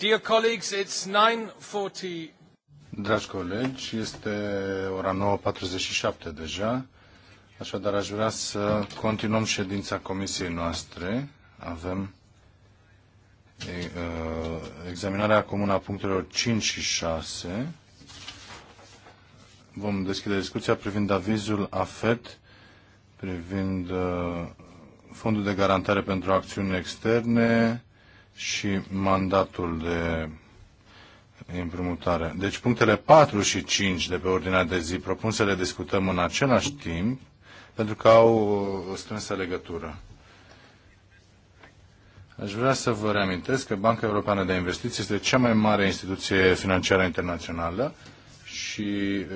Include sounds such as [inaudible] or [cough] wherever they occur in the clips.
Dear colleagues, it's 9.40. Dragi colegi, este ora 9.47 deja, așadar aș vrea să continuăm ședința comisiei noastre. Avem examinarea comună a punctelor 5 și 6. Vom deschide discuția privind avizul AFET, privind uh, Fondul de Garantare pentru Acțiuni Externe, și mandatul de împrumutare. Deci punctele 4 și 5 de pe ordinea de zi propun să le discutăm în același timp, pentru că au o strânsă legătură. Aș vrea să vă reamintesc că Banca Europeană de Investiții este cea mai mare instituție financiară internațională și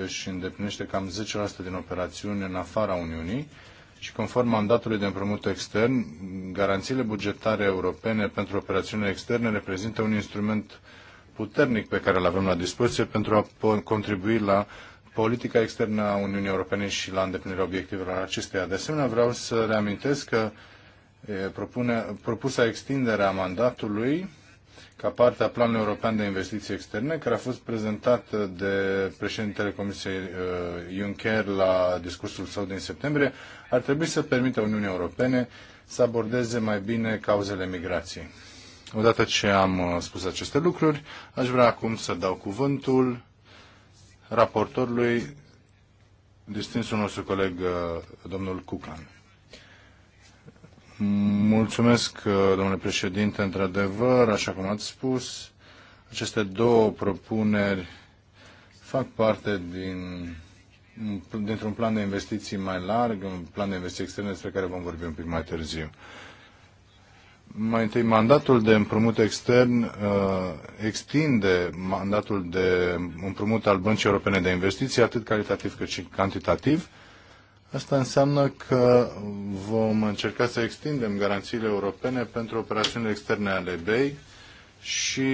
își îndeplinește cam 10% din operațiuni în afara Uniunii și conform mandatului de împrumut extern, garanțiile bugetare europene pentru operațiunile externe reprezintă un instrument puternic pe care îl avem la dispoziție pentru a contribui la politica externă a Uniunii Europene și la îndeplinirea obiectivelor acesteia. De asemenea, vreau să reamintesc că propune, propusa extinderea mandatului ca parte a Planului European de Investiții Externe, care a fost prezentat de președintele Comisiei uh, Juncker la discursul său din septembrie, ar trebui să permită Uniunii Europene să abordeze mai bine cauzele migrației. Odată ce am uh, spus aceste lucruri, aș vrea acum să dau cuvântul raportorului, distinsul nostru coleg, uh, domnul Cucan. Mulțumesc, uh, domnule președinte, într-adevăr, așa cum ați spus, aceste două propuneri fac parte din, dintr-un plan de investiții mai larg, un plan de investiții externe despre care vom vorbi un pic mai târziu. Mai întâi, mandatul de împrumut extern uh, extinde mandatul de împrumut al Băncii Europene de Investiții, atât calitativ cât și cantitativ, uh, Asta înseamnă că vom încerca să extindem garanțiile europene pentru operațiunile externe ale BEI și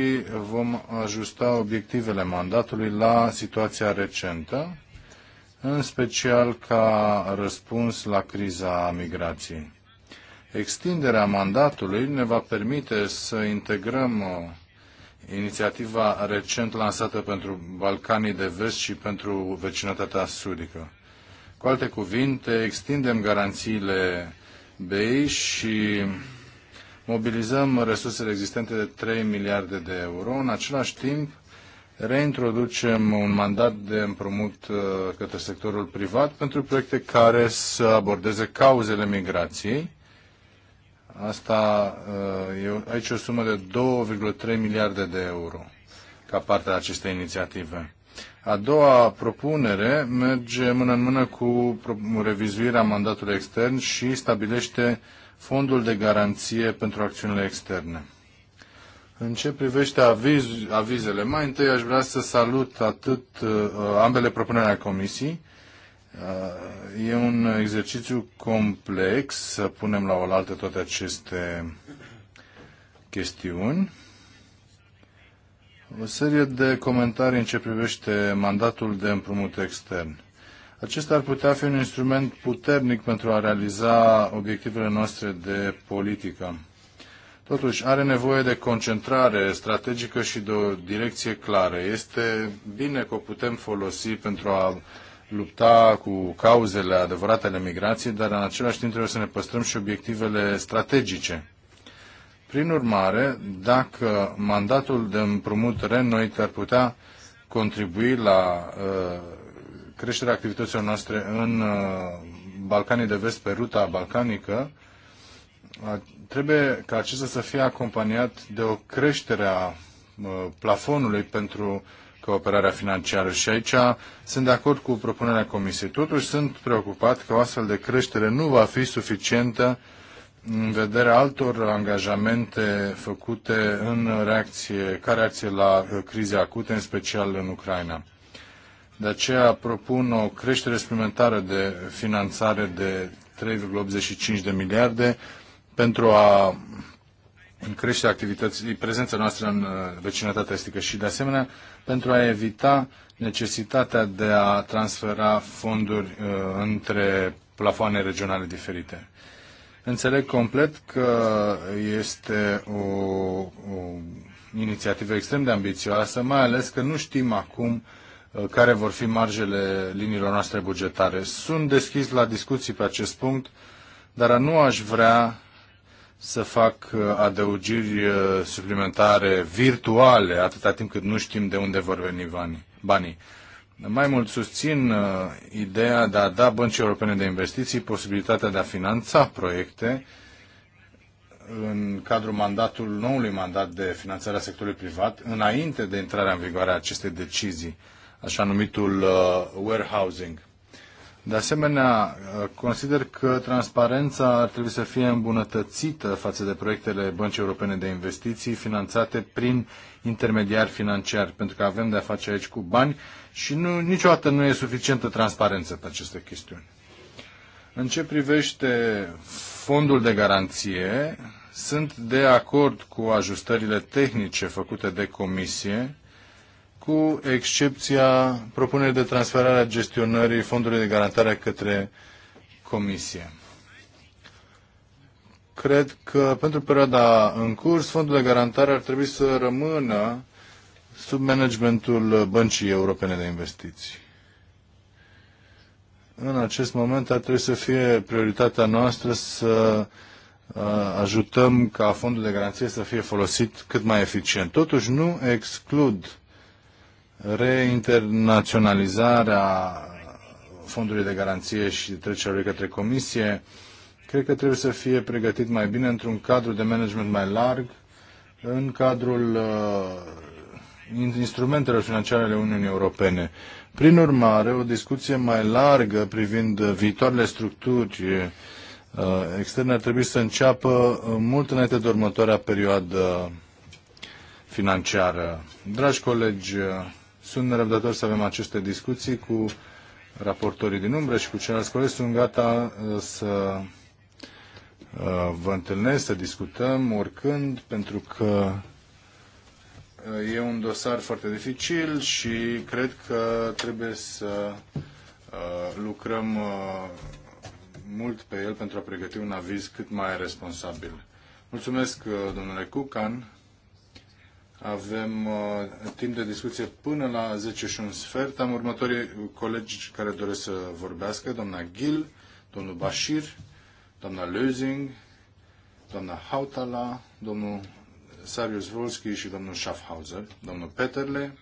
vom ajusta obiectivele mandatului la situația recentă, în special ca răspuns la criza migrației. Extinderea mandatului ne va permite să integrăm uh, inițiativa recent lansată pentru Balcanii de Vest și pentru vecinătatea sudică. Cu alte cuvinte, extindem garanțiile BEI și mobilizăm resursele existente de 3 miliarde de euro. În același timp, reintroducem un mandat de împrumut uh, către sectorul privat pentru proiecte care să abordeze cauzele migrației. Asta, uh, e, aici o sumă de 2,3 miliarde de euro ca parte a acestei inițiative. A doua propunere merge mână în mână cu revizuirea mandatului extern și stabilește fondul de garanție pentru acțiunile externe. În ce privește aviz, avizele, mai întâi aș vrea să salut atât uh, ambele propuneri ale Comisiei. Uh, e un exercițiu complex să punem la oaltă toate aceste chestiuni. O serie de comentarii în ce privește mandatul de împrumut extern. Acesta ar putea fi un instrument puternic pentru a realiza obiectivele noastre de politică. Totuși, are nevoie de concentrare strategică și de o direcție clară. Este bine că o putem folosi pentru a lupta cu cauzele adevărate ale migrației, dar în același timp trebuie să ne păstrăm și obiectivele strategice. Prin urmare, dacă mandatul de împrumut renoit ar putea contribui la uh, creșterea activităților noastre în uh, Balcanii de Vest pe ruta balcanică, trebuie ca acesta să fie acompaniat de o creștere a uh, plafonului pentru cooperarea financiară și aici sunt de acord cu propunerea Comisiei. Totuși sunt preocupat că o astfel de creștere nu va fi suficientă în vederea altor angajamente făcute în reacție, ca reacție la uh, crize acute, în special în Ucraina. De aceea propun o creștere suplimentară de finanțare de 3,85 de miliarde pentru a crește activității, prezența noastră în uh, vecinătatea estică și, de asemenea, pentru a evita necesitatea de a transfera fonduri uh, între plafoane regionale diferite. Înțeleg complet că este o, o inițiativă extrem de ambițioasă, mai ales că nu știm acum uh, care vor fi marjele liniilor noastre bugetare. Sunt deschis la discuții pe acest punct, dar nu aș vrea să fac uh, adăugiri uh, suplimentare virtuale atâta timp cât nu știm de unde vor veni banii. Mai mult susțin uh, ideea de a da băncii europene de investiții posibilitatea de a finanța proiecte în cadrul mandatul noului mandat de finanțare a sectorului privat, înainte de intrarea în vigoare a acestei decizii, așa numitul uh, warehousing. De asemenea, uh, consider că transparența ar trebui să fie îmbunătățită față de proiectele Băncii Europene de Investiții finanțate prin intermediari financiari, pentru că avem de-a face aici cu bani și nu, niciodată nu e suficientă transparență pe aceste chestiuni. În ce privește fondul de garanție, sunt de acord cu ajustările tehnice făcute de comisie, cu excepția propunerii de transferare a gestionării fondului de garantare către comisie. Cred că pentru perioada în curs, fondul de garantare ar trebui să rămână sub managementul Băncii Europene de Investiții. În acest moment ar trebui să fie prioritatea noastră să uh, ajutăm ca fondul de garanție să fie folosit cât mai eficient. Totuși nu exclud reinternaționalizarea fondului de garanție și trecerea lui către comisie. Cred că trebuie să fie pregătit mai bine într-un cadru de management mai larg, în cadrul uh, instrumentelor financiare ale Uniunii Europene. Prin urmare, o discuție mai largă privind viitoarele structuri uh, externe ar trebui să înceapă uh, mult înainte de următoarea perioadă financiară. Dragi colegi, uh, sunt nerăbdător să avem aceste discuții cu raportorii din umbră și cu ceilalți colegi. Sunt gata să vă întâlnesc, să discutăm oricând, pentru că E un dosar foarte dificil și cred că trebuie să uh, lucrăm uh, mult pe el pentru a pregăti un aviz cât mai responsabil. Mulțumesc, uh, domnule Cucan. Avem timp de discuție până la 10 și un sfert. Am următorii colegi care doresc să vorbească. Doamna Gil, domnul Bashir, doamna Lözing, doamna Hautala, domnul Sarius Volski și domnul Schaffhauser, domnul Peterle.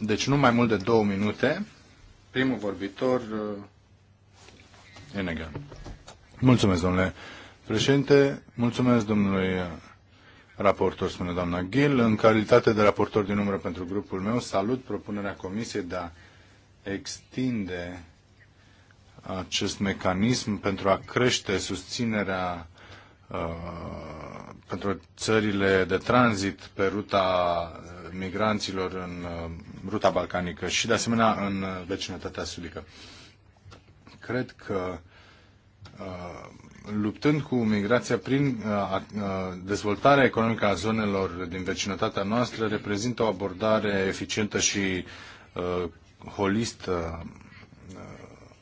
Deci nu mai mult de două minute. Primul vorbitor, uh, Enegan. Mulțumesc, domnule președinte. Mulțumesc, domnului uh, raportor, spune doamna Gil. În calitate de raportor din număr pentru grupul meu, salut propunerea Comisiei de a extinde acest mecanism pentru a crește susținerea Uh, pentru țările de tranzit pe ruta uh, migranților în uh, ruta balcanică și, de asemenea, în vecinătatea sudică. Cred că luptând cu migrația prin dezvoltarea economică a zonelor din vecinătatea noastră reprezintă o abordare eficientă și holistă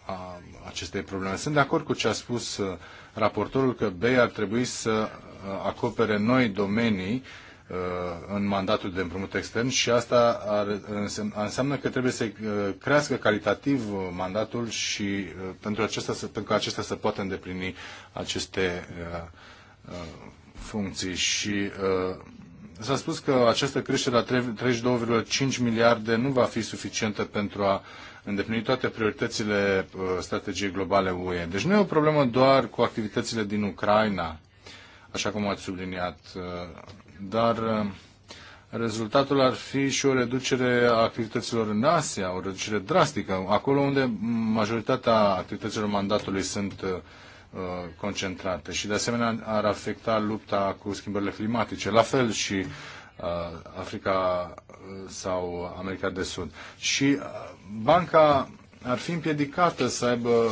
a acestei probleme. Sunt de acord cu ce a spus raportorul că BEI ar trebui să uh, acopere noi domenii uh, în mandatul de împrumut extern și asta ar, înseamnă că trebuie să uh, crească calitativ mandatul și pentru, acesta pentru că acesta să poată îndeplini aceste funcții. Și s-a spus că această creștere la 32,5 miliarde nu va fi suficientă pentru a îndeplinit toate prioritățile uh, strategiei globale UE. Deci nu e o problemă doar cu activitățile din Ucraina, așa cum ați subliniat, uh, dar uh, rezultatul ar fi și o reducere a activităților în Asia, o reducere drastică, acolo unde majoritatea activităților mandatului sunt concentrate și de asemenea ar afecta lupta cu schimbările climatice. La fel și Uh, Africa uh, sau America de Sud. Și uh, banca ar fi împiedicată să aibă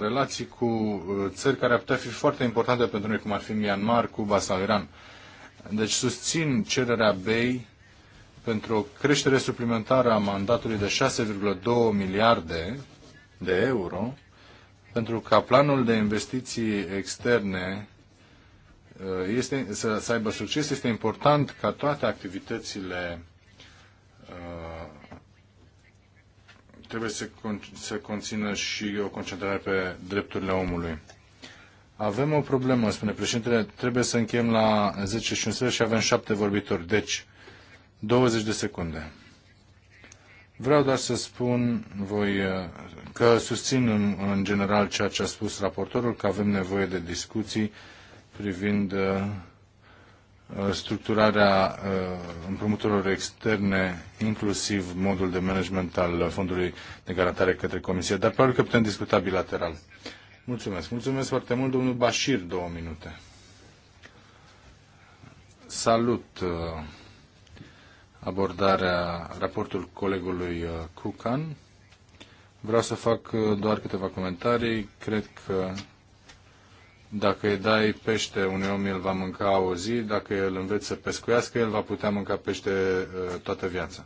relații cu țări care ar putea fi foarte importante pentru noi, cum ar fi Myanmar, Cuba sau Iran. Deci susțin cererea BEI pentru o creștere suplimentară a mandatului de 6,2 miliarde de euro, pentru ca planul de investiții externe Uh, este, să, să aibă succes, este important ca toate activitățile uh, trebuie să, con- să conțină și o concentrare pe drepturile omului. Avem o problemă, spune președintele, trebuie să încheiem la 10 și un sfert și avem 7 vorbitori, deci 20 de secunde. Vreau doar să spun voi uh, că susțin în, în general ceea ce a spus raportorul, că avem nevoie de discuții privind uh, structurarea uh, împrumuturilor externe, inclusiv modul de management al Fondului de Garantare către Comisie, dar probabil că putem discuta bilateral. Mulțumesc. Mulțumesc foarte mult, domnul Bashir, două minute. Salut uh, abordarea, raportul colegului Cucan. Vreau să fac doar câteva comentarii. Cred că dacă îi dai pește, unui om el va mânca o zi, dacă îl înveți să pescuiască, el va putea mânca pește uh, toată viața.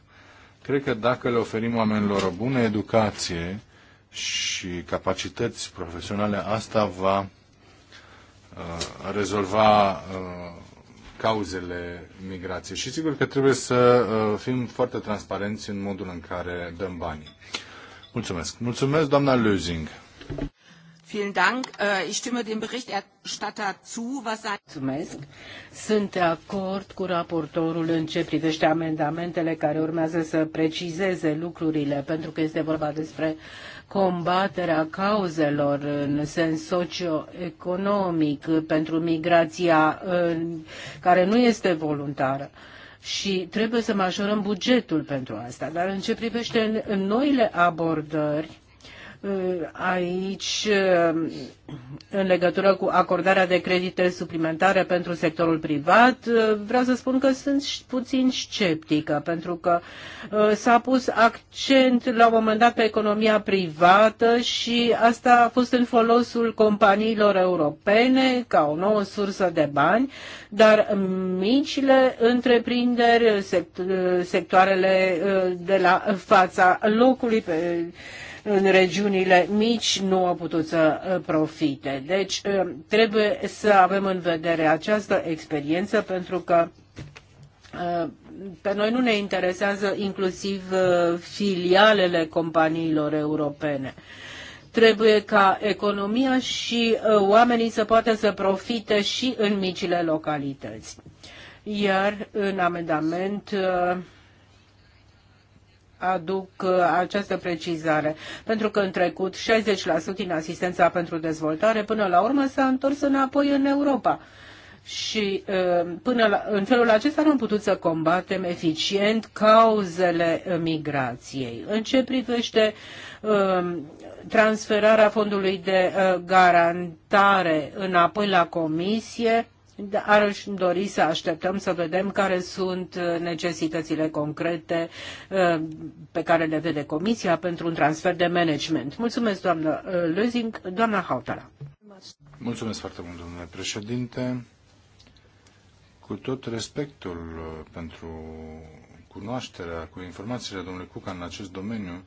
Cred că dacă le oferim oamenilor o bună educație și capacități profesionale, asta va uh, rezolva uh, cauzele migrației. Și sigur că trebuie să uh, fim foarte transparenți în modul în care dăm banii. Mulțumesc. Mulțumesc, doamna Lusing. Vielen Dank. Äh, ich stimme dem Berichterstatter zu, was Mulțumesc. Sunt de acord cu raportorul în ce privește amendamentele care urmează să precizeze lucrurile, pentru că este vorba despre combaterea cauzelor în sens socioeconomic pentru migrația care nu este voluntară și trebuie să majorăm bugetul pentru asta. Dar în ce privește noile abordări, aici în legătură cu acordarea de credite suplimentare pentru sectorul privat, vreau să spun că sunt puțin sceptică, pentru că uh, s-a pus accent la un moment dat pe economia privată și asta a fost în folosul companiilor europene ca o nouă sursă de bani, dar micile întreprinderi, uh, sectoarele uh, de la fața locului pe în regiunile mici nu au putut să uh, profite. Deci uh, trebuie să avem în vedere această experiență pentru că uh, pe noi nu ne interesează inclusiv filialele companiilor europene trebuie ca economia și oamenii să poată să profite și în micile localități. Iar în amendament aduc uh, această precizare, pentru că în trecut 60% din asistența pentru dezvoltare până la urmă s-a întors înapoi în Europa. Și uh, până la, în felul acesta nu am putut să combatem eficient cauzele migrației. În ce privește uh, transferarea fondului de garantare înapoi la comisie, dar aș dori să așteptăm să vedem care sunt uh, necesitățile concrete uh, pe care le vede Comisia pentru un transfer de management. Mulțumesc, doamnă uh, Lözing. Doamna Hautala. Mulțumesc foarte mult, domnule președinte. Cu tot respectul pentru cunoașterea, cu informațiile domnului Cuca în acest domeniu,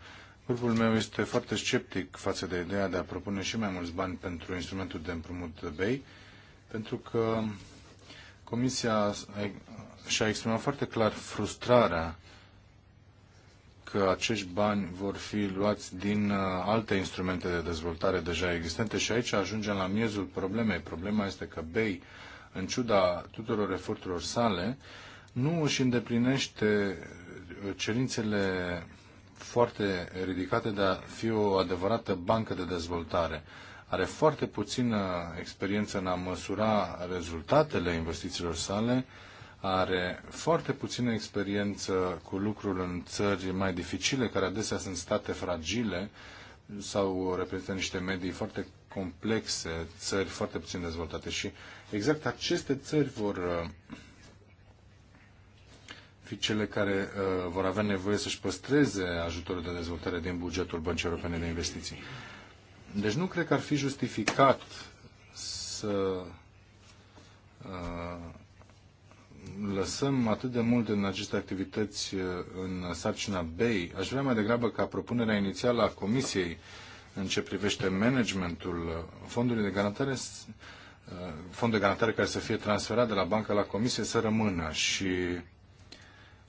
Grupul meu este foarte sceptic față de ideea de a propune și mai mulți bani pentru instrumentul de împrumut BEI, pentru că Comisia și-a exprimat foarte clar frustrarea că acești bani vor fi luați din uh, alte instrumente de dezvoltare deja existente și aici ajungem la miezul problemei. Problema este că BEI, în ciuda tuturor eforturilor sale, nu își îndeplinește uh, cerințele foarte ridicate de a fi o adevărată bancă de dezvoltare are foarte puțină experiență în a măsura rezultatele investițiilor sale, are foarte puțină experiență cu lucrul în țări mai dificile, care adesea sunt state fragile sau reprezintă niște medii foarte complexe, țări foarte puțin dezvoltate și exact aceste țări vor uh, fi cele care uh, vor avea nevoie să-și păstreze ajutorul de dezvoltare din bugetul Băncii Europene de Investiții. Deci nu cred că ar fi justificat să uh, lăsăm atât de mult în aceste activități uh, în sarcina BEI. Aș vrea mai degrabă ca propunerea inițială a Comisiei în ce privește managementul uh, fondului de garantare, fond de garantare care să fie transferat de la bancă la Comisie să rămână și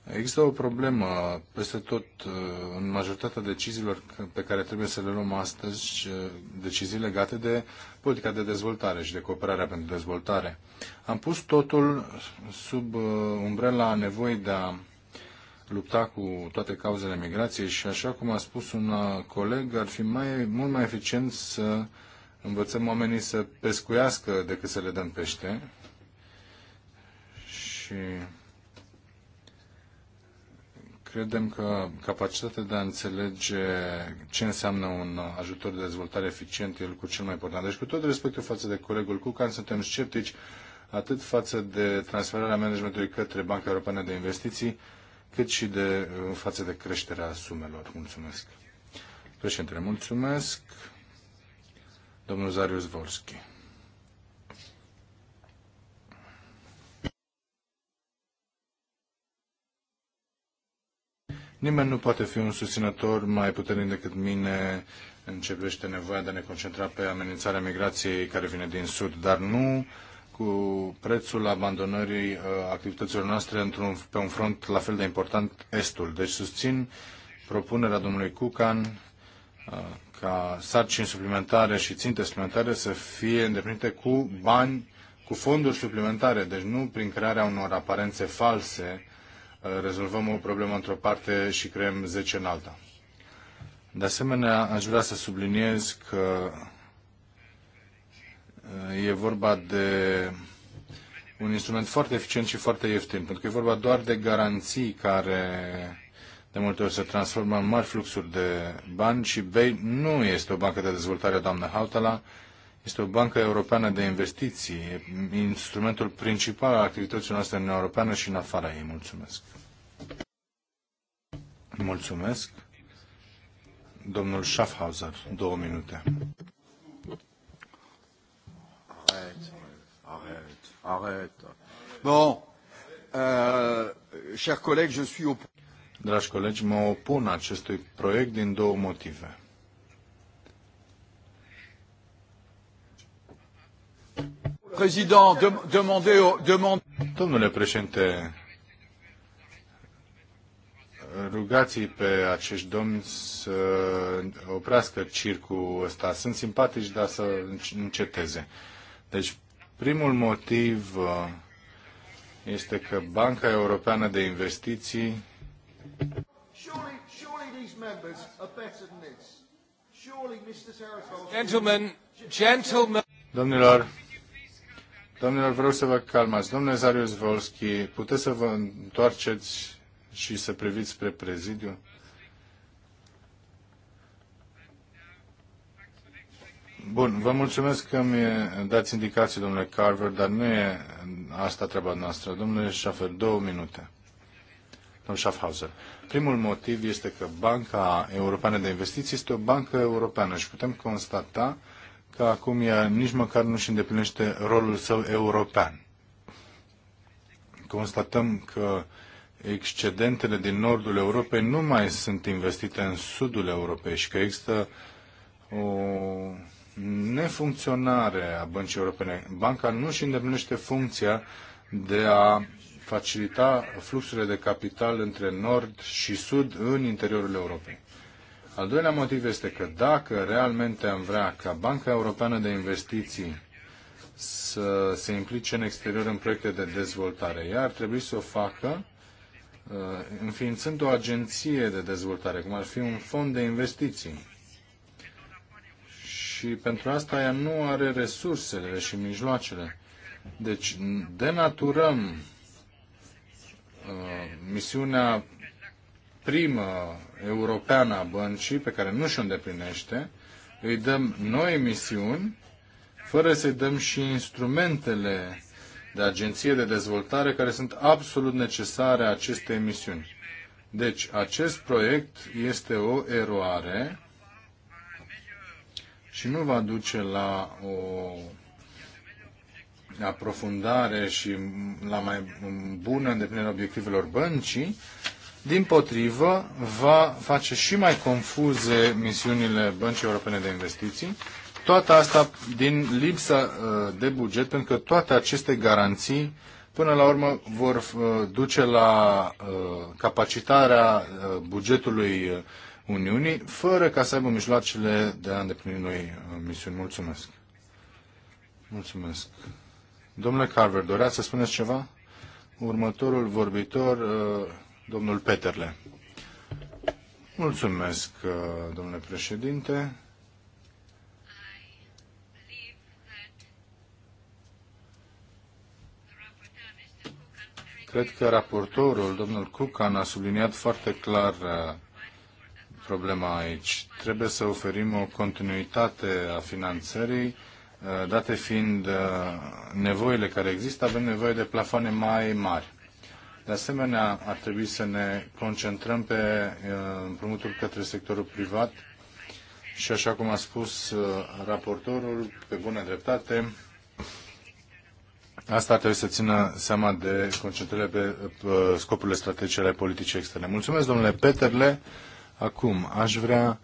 Există o problemă peste tot uh, în majoritatea deciziilor pe care trebuie să le luăm astăzi, uh, decizii legate de politica de dezvoltare și de cooperarea pentru dezvoltare. Am pus totul sub uh, umbrela nevoii de a lupta cu toate cauzele migrației și, așa cum a spus un coleg, ar fi mai, mult mai eficient să învățăm oamenii să pescuiască decât să le dăm pește. Și Credem că capacitatea de a înțelege ce înseamnă un ajutor de dezvoltare eficient e lucrul cel mai important. Deci, cu tot respectul față de colegul Cucan, suntem sceptici atât față de transferarea managementului către Banca Europeană de Investiții, cât și de față de creșterea sumelor. Mulțumesc. Președintele, mulțumesc. Domnul Zarius Volski. Nimeni nu poate fi un susținător mai puternic decât mine în ce privește nevoia de a ne concentra pe amenințarea migrației care vine din Sud, dar nu cu prețul abandonării uh, activităților noastre într-un, pe un front la fel de important, Estul. Deci susțin propunerea domnului Cucan uh, ca sarcini suplimentare și ținte suplimentare să fie îndeplinite cu bani, cu fonduri suplimentare, deci nu prin crearea unor aparențe false rezolvăm o problemă într-o parte și creăm 10 în alta. De asemenea, aș vrea să subliniez că uh, e vorba de un instrument foarte eficient și foarte ieftin, pentru că e vorba doar de garanții care de multe ori se transformă în mari fluxuri de bani și BEI nu este o bancă de dezvoltare, doamnă Hautala, este o bancă europeană de investiții, instrumentul principal al activității noastre în Europeană și în afara ei. Mulțumesc. Mulțumesc. Domnul Schaffhauser, două minute. Arrête, arrête, arrête. Bon, euh, chers collègues, je suis Dragi colegi, mă opun acestui proiect din două motive. Président, demandez, demandez... Domnule președinte, rugați pe acești domni să oprească circul ăsta. Sunt simpatici, dar să înceteze. Deci, primul motiv uh, este că Banca Europeană de Investiții Gentlemen, gentlemen. Domnilor, domnilor, vreau să vă calmați. Domnule Zarius Volski, puteți să vă întoarceți și să priviți spre prezidiu. Bun, vă mulțumesc că mi dați indicații, domnule Carver, dar nu e asta treaba noastră. Domnule Schaffer, două minute. Domnul Schaffhauser, primul motiv este că Banca Europeană de Investiții este o bancă europeană și putem constata că acum ea nici măcar nu își îndeplinește rolul său european. Constatăm că uh, excedentele din nordul Europei nu mai sunt investite în sudul Europei și că există o nefuncționare a băncii europene. Banca nu își îndeplinește funcția de a facilita fluxurile de capital între nord și sud în interiorul Europei. Al doilea motiv este că dacă realmente am vrea ca Banca Europeană de Investiții să se implice în exterior în proiecte de dezvoltare, ea ar trebui să o facă Uh, înființând o agenție de dezvoltare, cum ar fi un fond de investiții. Și pentru asta ea nu are resursele și mijloacele. Deci denaturăm uh, misiunea primă europeană a băncii, pe care nu și-o îndeplinește, îi dăm noi misiuni, fără să-i dăm și instrumentele de agenție de dezvoltare care sunt absolut necesare acestei misiuni. Deci, acest proiect este o eroare și nu va duce la o aprofundare și la mai bună îndeplinirea obiectivelor băncii, din potrivă, va face și mai confuze misiunile Băncii Europene de Investiții toată asta din lipsa uh, de buget, pentru că toate aceste garanții până la urmă vor uh, duce la uh, capacitarea bugetului Uniunii, fără ca să aibă mijloacele de a îndeplini noi misiuni. Mulțumesc! Mulțumesc! Domnule Carver, doreați să spuneți ceva? Următorul vorbitor, domnul Peterle. Mulțumesc, domnule președinte. Cred că raportorul, domnul Cucan, a subliniat foarte clar uh, problema aici. Trebuie să oferim o continuitate a finanțării, uh, date fiind uh, nevoile care există, avem nevoie de plafoane mai mari. De asemenea, ar trebui să ne concentrăm pe împrumuturi către sectorul privat și, așa cum a spus raportorul, pe bună dreptate, Asta trebuie să țină seama de concentrările pe scopurile strategice ale politicii externe. Mulțumesc, domnule Peterle. Acum, aș vrea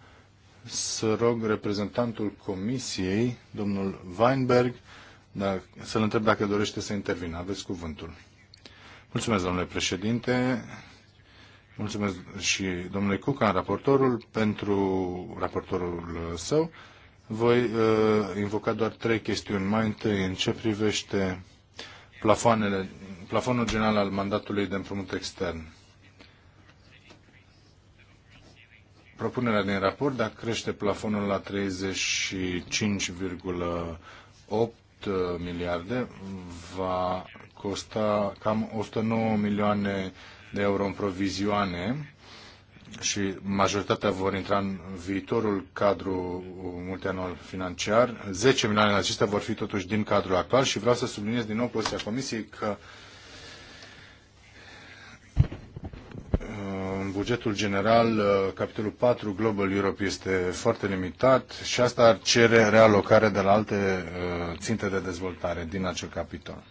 să rog reprezentantul Comisiei, domnul Weinberg, da, să-l întreb dacă dorește să intervină. Aveți cuvântul. Mulțumesc, domnule președinte. Mulțumesc și domnului Cucan, raportorul, pentru raportorul său. Voi uh, invoca doar trei chestiuni. Mai întâi, în ce privește plafoanele, plafonul general al mandatului de împrumut extern. Propunerea din raport de a crește plafonul la 35,8 uh, miliarde va costa cam 109 milioane de euro în provizioane și majoritatea vor intra în viitorul cadru multianual financiar. 10 milioane din acestea vor fi totuși din cadrul actual și vreau să subliniez din nou poziția Comisiei că uh, în bugetul general, uh, capitolul 4, Global Europe, este foarte limitat și asta ar cere realocare de la alte uh, ținte de dezvoltare din acel capitol.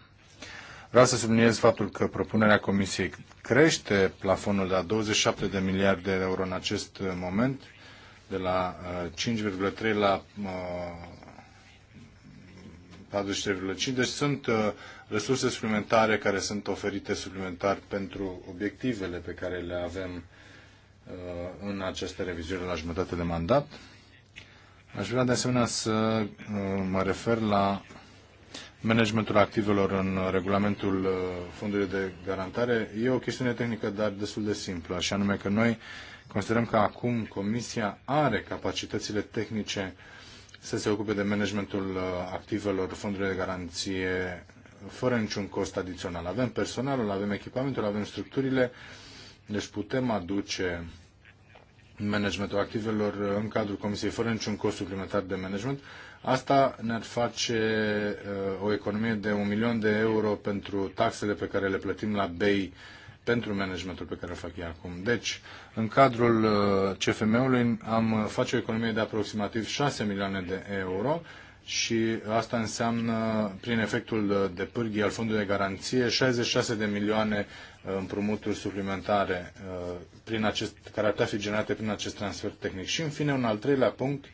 Vreau să subliniez faptul că propunerea Comisiei crește plafonul de la 27 de miliarde de euro în acest uh, moment, de la 5,3 uh, la 43,5. Uh, deci sunt resurse suplimentare care sunt oferite suplimentar pentru obiectivele pe care le avem în această revizuire la jumătate de mandat. Aș vrea de asemenea să mă refer la managementul activelor în regulamentul uh, fondului de garantare e o chestiune tehnică, dar destul de simplă, așa anume că noi considerăm că acum Comisia are capacitățile tehnice să se ocupe de managementul uh, activelor fondului de garanție fără niciun cost adițional. Avem personalul, avem echipamentul, avem structurile, deci putem aduce managementul activelor uh, în cadrul Comisiei fără niciun cost suplimentar de management Asta ne-ar face uh, o economie de un milion de euro pentru taxele pe care le plătim la BEI pentru managementul pe care îl fac ei acum. Deci, în cadrul uh, CFM-ului am uh, face o economie de aproximativ 6 milioane de euro și asta înseamnă, prin efectul de pârghii al fondului de garanție, 66 de milioane împrumuturi suplimentare prin acest, care ar fi generate prin acest transfer tehnic. Și, în fine, un al treilea punct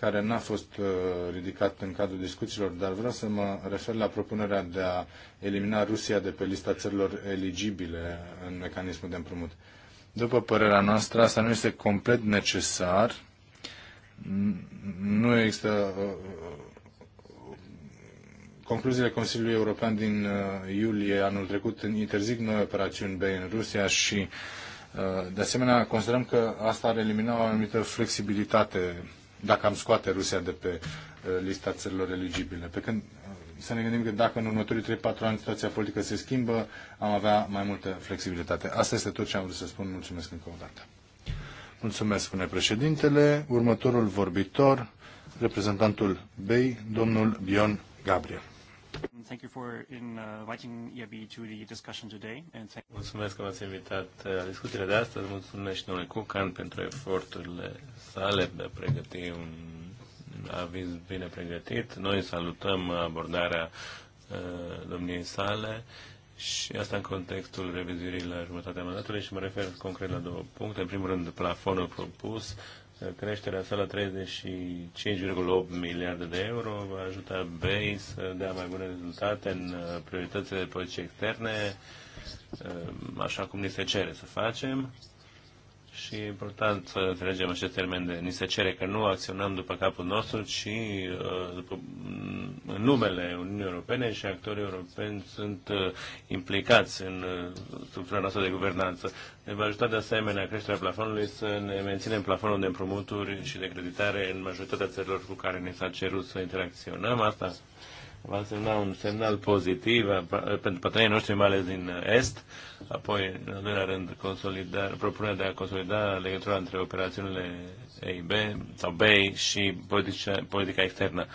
care n-a fost uh, ridicat în cadrul discuțiilor, dar vreau să mă refer la propunerea de a elimina Rusia de pe lista țărilor eligibile în mecanismul de împrumut. După părerea noastră, asta nu este complet necesar. Nu există uh, uh, concluziile Consiliului European din iulie anul trecut interzic noi operațiuni BEI în Rusia și de asemenea considerăm că asta ar elimina o anumită flexibilitate dacă am scoate Rusia de pe uh, lista țărilor eligibile. Pe când uh, să ne gândim că dacă în următorii 3-4 ani situația politică se schimbă, am avea mai multă flexibilitate. Asta este tot ce am vrut să spun. Mulțumesc încă o dată. Mulțumesc, spune președintele. Următorul vorbitor, reprezentantul BEI, domnul Bion Gabriel. Thank you for uh, inviting EIB to the discussion today. And thank Mulțumesc că m-ați invitat uh, la discuțiile de astăzi. Mulțumesc și domnului Cucan pentru eforturile sale de a pregăti un aviz bine pregătit. Noi salutăm abordarea uh, domniei sale și asta în contextul revizuirii la jumătatea mandatului și mă refer concret la două puncte. În primul rând, plafonul propus creșterea sa la 35,8 miliarde de euro va ajuta BEI să dea mai bune rezultate în uh, prioritățile de politici externe, uh, așa cum ni se cere să facem și e important să înțelegem acest termen de ni se cere că nu acționăm după capul nostru, ci uh, după, numele Uniunii Europene și actorii europeni sunt uh, implicați în uh, structura noastră de guvernanță. Ne va ajuta de asemenea creșterea plafonului să ne menținem plafonul de împrumuturi și de creditare în majoritatea țărilor cu care ne s-a cerut să interacționăm. Asta va semna un semnal pozitiv pentru partenerii noștri, mai ales din Est, apoi, în al doilea rând, propunerea de a consolida legătura între operațiunile EIB sau BEI și politica, politica externă.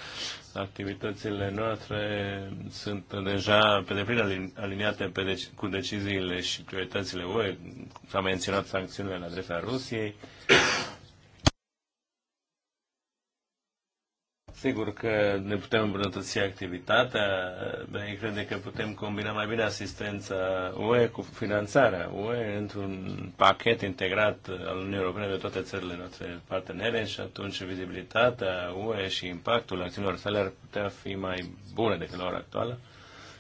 Activitățile noastre sunt deja pe deplin aliniate pe de, deci, cu deciziile și prioritățile UE. S-a menționat sancțiunile la adresa Rusiei. Sigur că ne putem îmbunătăți activitatea, dar ei crede că putem combina mai bine asistența UE cu finanțarea UE într-un pachet integrat al Uniunii Europene de toate țările noastre partenere și atunci vizibilitatea UE și impactul acțiunilor sale ar putea fi mai bune decât la ora actuală.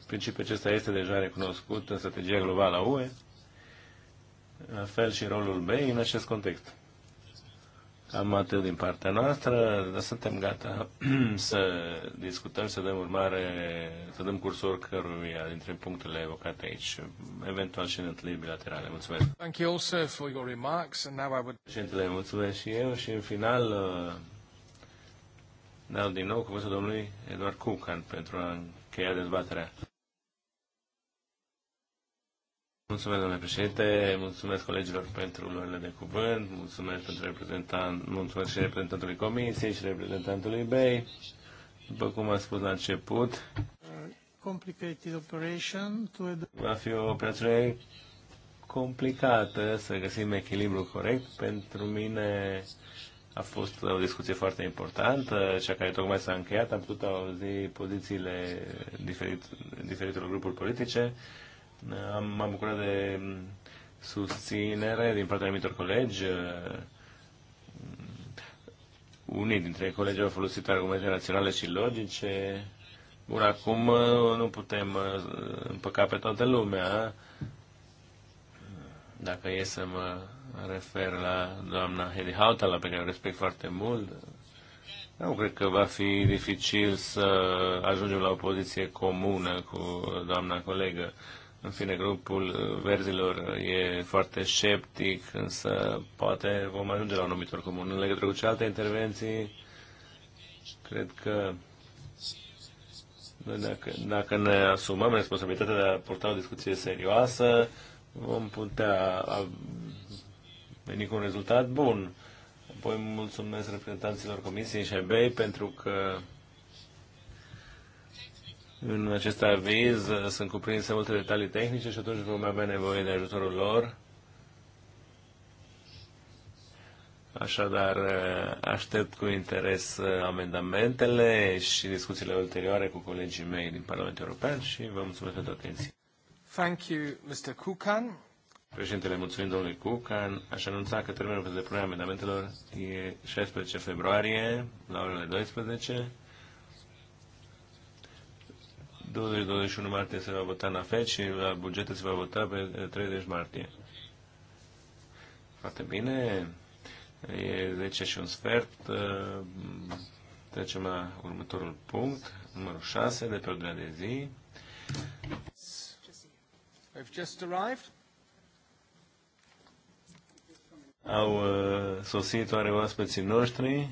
Principiul acesta este deja recunoscut în strategia globală a UE, la fel și rolul BEI în acest context. Cam atât din partea noastră, dar suntem gata [clears throat] să discutăm, să dăm urmare, să dăm cursul oricăruia dintre punctele evocate aici, eventual și în întâlniri bilaterale. Mulțumesc! Thank you also for your remarks, and now I would... Președintele, mulțumesc și eu și în final uh, dau din nou cuvântul domnului Eduard Cucan pentru a încheia dezbaterea. Mulțumesc, domnule președinte, mulțumesc colegilor pentru luările de cuvânt, mulțumesc pentru reprezentant, mulțumesc și reprezentantului Comisiei și reprezentantului BEI. După cum am spus la început, va fi o operație complicată să găsim echilibru corect. Pentru mine a fost o discuție foarte importantă, cea care tocmai s-a încheiat, am putut auzi pozițiile diferit, diferitelor grupuri politice. M-am bucurat de susținere din partea anumitor colegi. Unii dintre colegi au folosit argumente raționale și logice. Bun, acum nu putem uh, împăca pe toată lumea. Dacă e să mă refer la doamna Hedi Hautala, pe care o respect foarte mult, nu cred că va fi dificil să ajungem la o poziție comună cu doamna colegă. În fine, grupul verzilor e foarte sceptic, însă poate vom ajunge la un numitor comun. În legătură cu alte intervenții, cred că dacă, dacă ne asumăm responsabilitatea de a purta o discuție serioasă, vom putea veni cu un rezultat bun. Apoi mulțumesc reprezentanților Comisiei și BEI pentru că în acest aviz uh, sunt cuprinse multe detalii tehnice și atunci vom avea nevoie de ajutorul lor. Așadar, uh, aștept cu interes uh, amendamentele și discuțiile ulterioare cu colegii mei din Parlamentul European și vă mulțumesc pentru atenție. Thank you, Mr. Kukan. Președintele, mulțumim domnului Cucan. Aș anunța că termenul pentru depunerea amendamentelor e 16 februarie, la orele 12. 20-21 martie se va vota în AFET și la bugete se va vota pe 30 martie. Foarte bine. E 10 și un sfert. Trecem la următorul punct, numărul 6 de pe ordinea de zi. I've just arrived. Au uh, sosit oare oaspeții noștri.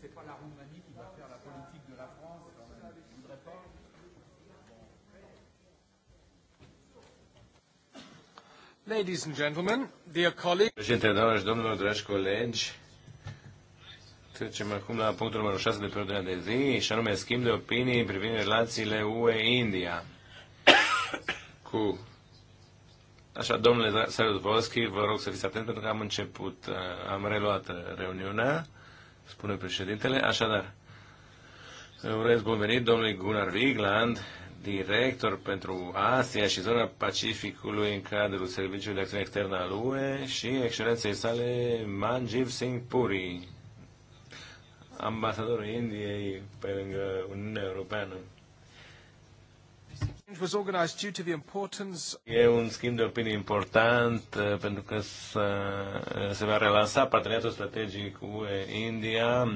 c'est pas la Roumanie qui va faire la politique de la France. Quand même. Je voudrais pas. Ladies and gentlemen, dear colleagues. Trecem acum la punctul numărul 6 de pe ordinea de zi, și anume schimb de opinii privind relațiile UE-India. [coughs] Cu... Așa, domnule Sarudvoschi, vă rog să fiți atent pentru că am început, uh, am reluat uh, reuniunea, spune președintele. Așadar, urez bun venit domnului Gunnar Wigland, director pentru Asia și zona Pacificului în cadrul Serviciului de Acțiune Externă al UE și excelenței sale Manjiv Singh Puri, ambasadorul Indiei pe lângă Uniunea Europeană. E un schimb de opinie important uh, pentru că uh, se va relansa parteneriatul strategic cu India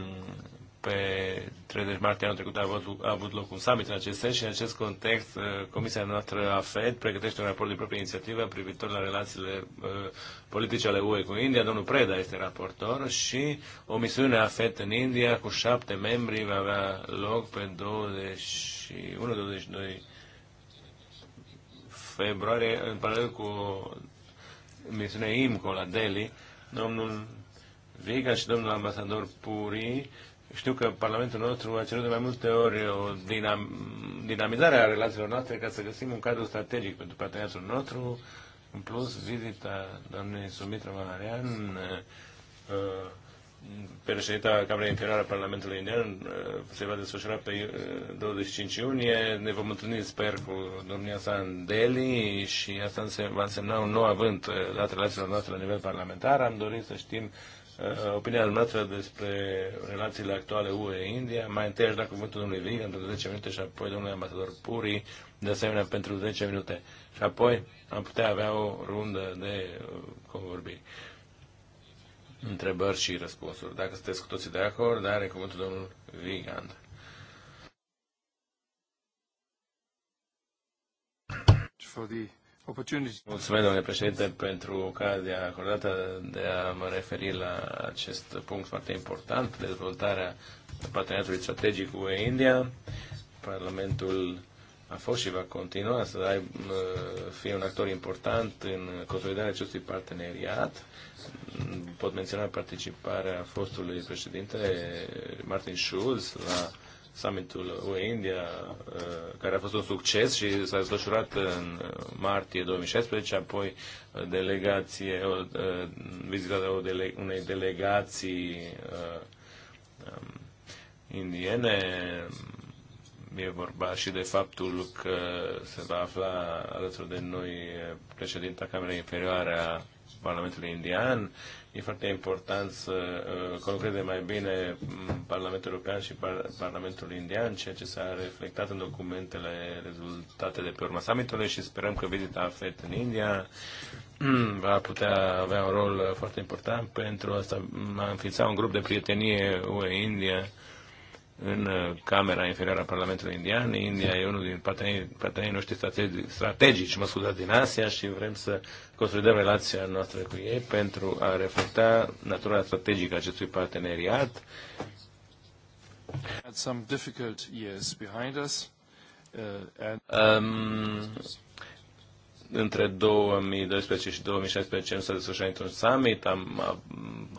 pe 30 martie anul trecut a avut, a avut loc un summit în acest sens și în acest context uh, Comisia noastră a FED pregătește un raport de proprie inițiativă privitor la relațiile uh, politice ale UE cu India. Domnul Preda este raportor și o misiune a FED în India cu șapte membri va avea loc pe 21-22 februarie, în paralel cu misiunea IMCO la Delhi, domnul Viga și domnul ambasador Puri știu că Parlamentul nostru a cerut de mai multe ori o dinam, dinamizare a relațiilor noastre ca să găsim un cadru strategic pentru parteneriatul nostru. În plus, vizita doamnei Sumitra Maharian, uh, președinta Camerei Inferioare a Parlamentului Indian, uh, se va desfășura pe 25 uh, iunie. Ne vom întâlni, sper, cu domnia sa în Delhi și asta va însemna un nou avânt dat relațiilor noastre la nivel parlamentar. Am dorit să știm Uh, opinia noastră despre relațiile actuale UE-India. Mai întâi aș da cuvântul domnului Ving pentru 10 minute și apoi domnului ambasador Puri, de asemenea pentru 10 minute. Și apoi am putea avea o rundă de uh, convorbiri întrebări și răspunsuri. Dacă sunteți cu toții de acord, are cuvântul domnul Vigand. For the Mulțumesc, domnule președinte, pentru ocazia acordată de a mă referi la acest punct foarte important, dezvoltarea parteneriatului strategic cu India. Parlamentul a fost și va continua să fie un actor important în consolidarea acestui parteneriat. Pot menționa participarea fostului președinte Martin Schulz la summitul UE-India, uh, care a fost un succes și s-a desfășurat în uh, martie 2016, apoi uh, delegație, o, de o dele, unei delegații um, indiene, e vorba și de faptul că se va afla alături de noi președinta Camerei Inferioare a Parlamentului Indian, E foarte important să uh, concrete mai bine mm, Parlamentul European și Parlamentul Indian, ceea ce s-a reflectat în documentele rezultate de pe urma summitului și sperăm că vizita FED în India mm, va putea avea un rol foarte important pentru asta, a înființa un grup de prietenie UE-India în uh, Camera Inferioară a Parlamentului Indian. India e unul din partenerii, partenerii noștri strategici, mă scuzați, din Asia și vrem să consolidăm relația noastră cu ei pentru a reflecta natura strategică a acestui parteneriat. Had some difficult years behind us. Uh, um, între 2012 și 2016 nu s-a desfășurat într-un summit, am, a,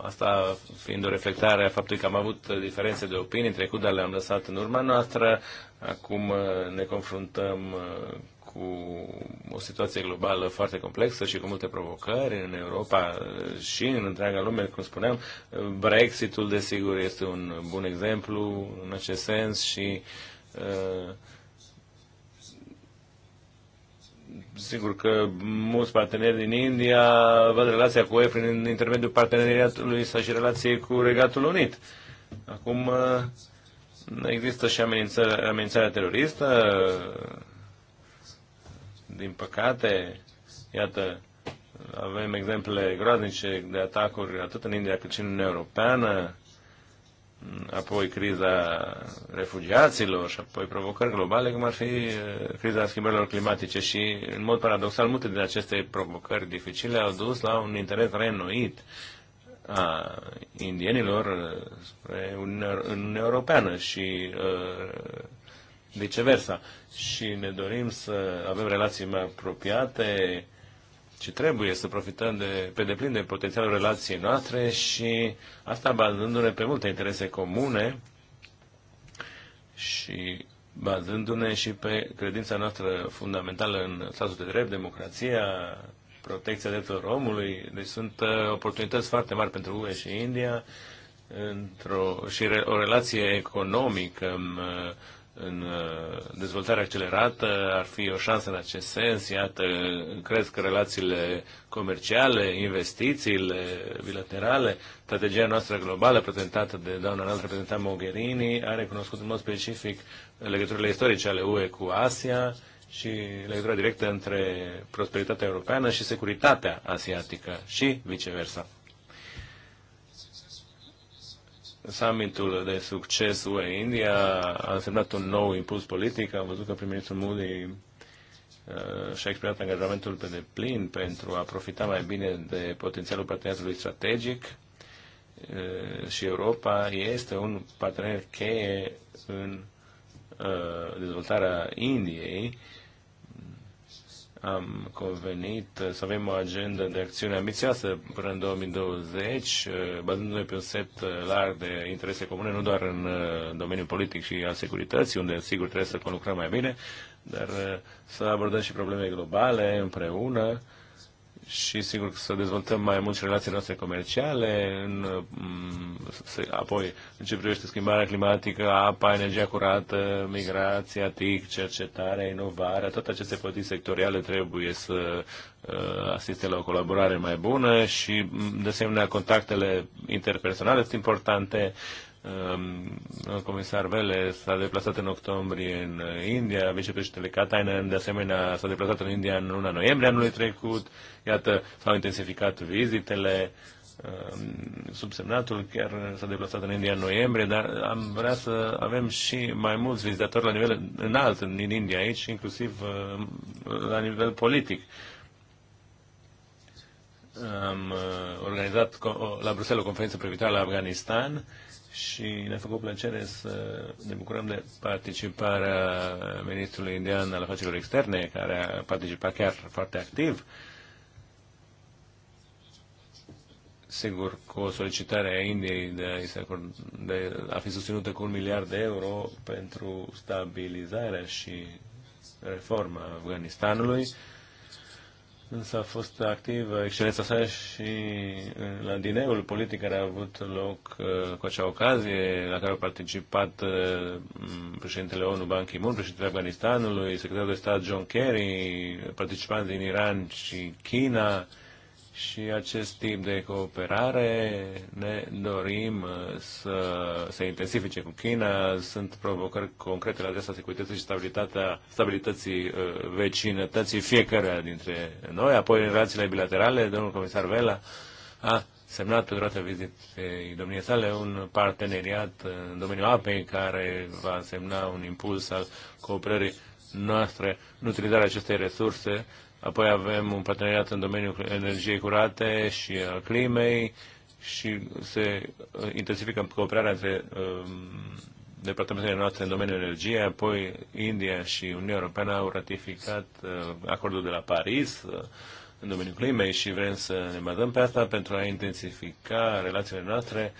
asta fiind o reflectare a faptului că am avut diferențe de opinii în trecut, dar le-am lăsat în urma noastră. Acum uh, ne confruntăm uh, cu o situație globală foarte complexă și cu multe provocări în Europa uh, și în întreaga lume, cum spuneam. Brexitul, desigur, este un bun exemplu în acest sens și uh, sigur că mulți parteneri din India văd relația cu EFRI prin intermediul parteneriatului sau și relației cu Regatul Unit. Acum uh, există și amenințarea, amenințarea teroristă, din păcate, iată, avem exemple groaznice de atacuri atât în India cât și în Europeană, apoi criza refugiaților și apoi provocări globale, cum ar fi eh, criza schimbărilor climatice și, în mod paradoxal, multe din aceste provocări dificile au dus la un interes reînnoit a indienilor eh, spre Uniunea Europeană și eh, viceversa. Și ne dorim să avem relații mai apropiate ci trebuie să profităm de, pe deplin de potențialul relației noastre și asta bazându-ne pe multe interese comune și bazându-ne și pe credința noastră fundamentală în statul de drept, democrația, protecția drepturilor omului. Deci sunt uh, oportunități foarte mari pentru UE și India într-o, și re, o relație economică um, în uh, dezvoltare accelerată, ar fi o șansă în acest sens, iată, cresc relațiile comerciale, investițiile bilaterale, strategia noastră globală prezentată de doamna înalt reprezentant Mogherini a recunoscut în mod specific legăturile istorice ale UE cu Asia și legătura directă între prosperitatea europeană și securitatea asiatică și viceversa summitul de succes UE-India a însemnat un nou impuls politic. Am văzut că prim-ministrul Moody uh, și-a exprimat angajamentul pe deplin pentru a profita mai bine de potențialul parteneriatului strategic uh, și Europa este un partener cheie în uh, dezvoltarea Indiei am convenit uh, să avem o agendă de acțiune ambițioasă până în 2020, uh, bazându-ne pe un set uh, larg de interese comune, nu doar în domeniul politic și al securității, unde sigur trebuie să conlucrăm mai bine, dar să abordăm și probleme globale împreună și sigur că să dezvoltăm mai mult și relațiile noastre comerciale, în, mm, să, apoi în ce privește schimbarea climatică, apa, energia curată, migrația, TIC, cercetarea, inovarea, toate aceste politici sectoriale trebuie să uh, asiste la o colaborare mai bună și, mm, de asemenea, contactele interpersonale sunt importante, Um, comisar Vele s-a deplasat în octombrie în India, vicepreședintele Katainen de asemenea s-a deplasat în India în luna noiembrie anului trecut, iată, s-au intensificat vizitele, um, subsemnatul chiar s-a deplasat în India în noiembrie, dar am vrea să avem și mai mulți vizitatori la nivel înalt în India aici, inclusiv uh, la nivel politic am uh, organizat la Bruxelles o conferință privitoare la Afganistan și ne-a făcut plăcere să ne bucurăm de participarea ministrului indian al afacerilor externe, care a participat chiar foarte activ. Sigur, cu o solicitare a Indiei de a, se acord, de a fi susținută cu un miliard de euro pentru stabilizarea și reforma Afganistanului. Însă a fost activ. excelența sa și la dineul politic care a avut loc cu acea ocazie, la care au participat președintele ONU Ban Ki-moon, președintele Afganistanului, secretarul de stat John Kerry, participanți din Iran și China, și acest tip de cooperare ne dorim uh, să se intensifice cu China. Sunt provocări concrete la adresa securității și stabilitatea, stabilității uh, vecinătății fiecare dintre noi. Apoi, în relațiile bilaterale, domnul comisar Vela a semnat pe durata vizitei domniei sale un parteneriat în domeniul apei care va însemna un impuls al cooperării noastre în utilizarea acestei resurse Apoi avem un parteneriat în domeniul energiei curate și al climei și se uh, intensifică cooperarea între um, departamentele noastre în domeniul energiei, apoi India și Uniunea Europeană au ratificat uh, acordul de la Paris uh, în domeniul climei și vrem să ne bazăm pe asta pentru a intensifica relațiile noastre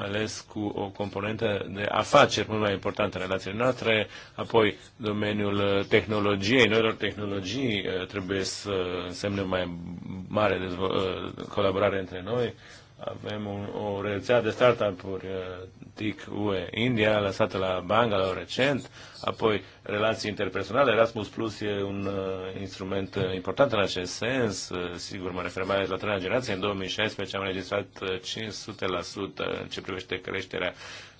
ales cu o componentă de afaceri mult mai importantă în relațiile noastre, apoi domeniul uh, tehnologiei, noilor tehnologii uh, trebuie să însemne mai mare uh, colaborare între noi, avem un, o rețea de startup-uri TIC UE India, lăsată la Bangalore recent, apoi relații interpersonale, Erasmus Plus e un uh, instrument uh, important în acest sens, uh, sigur mă refer mai la treia generație, în 2016 am uh, 500% în ce privește creșterea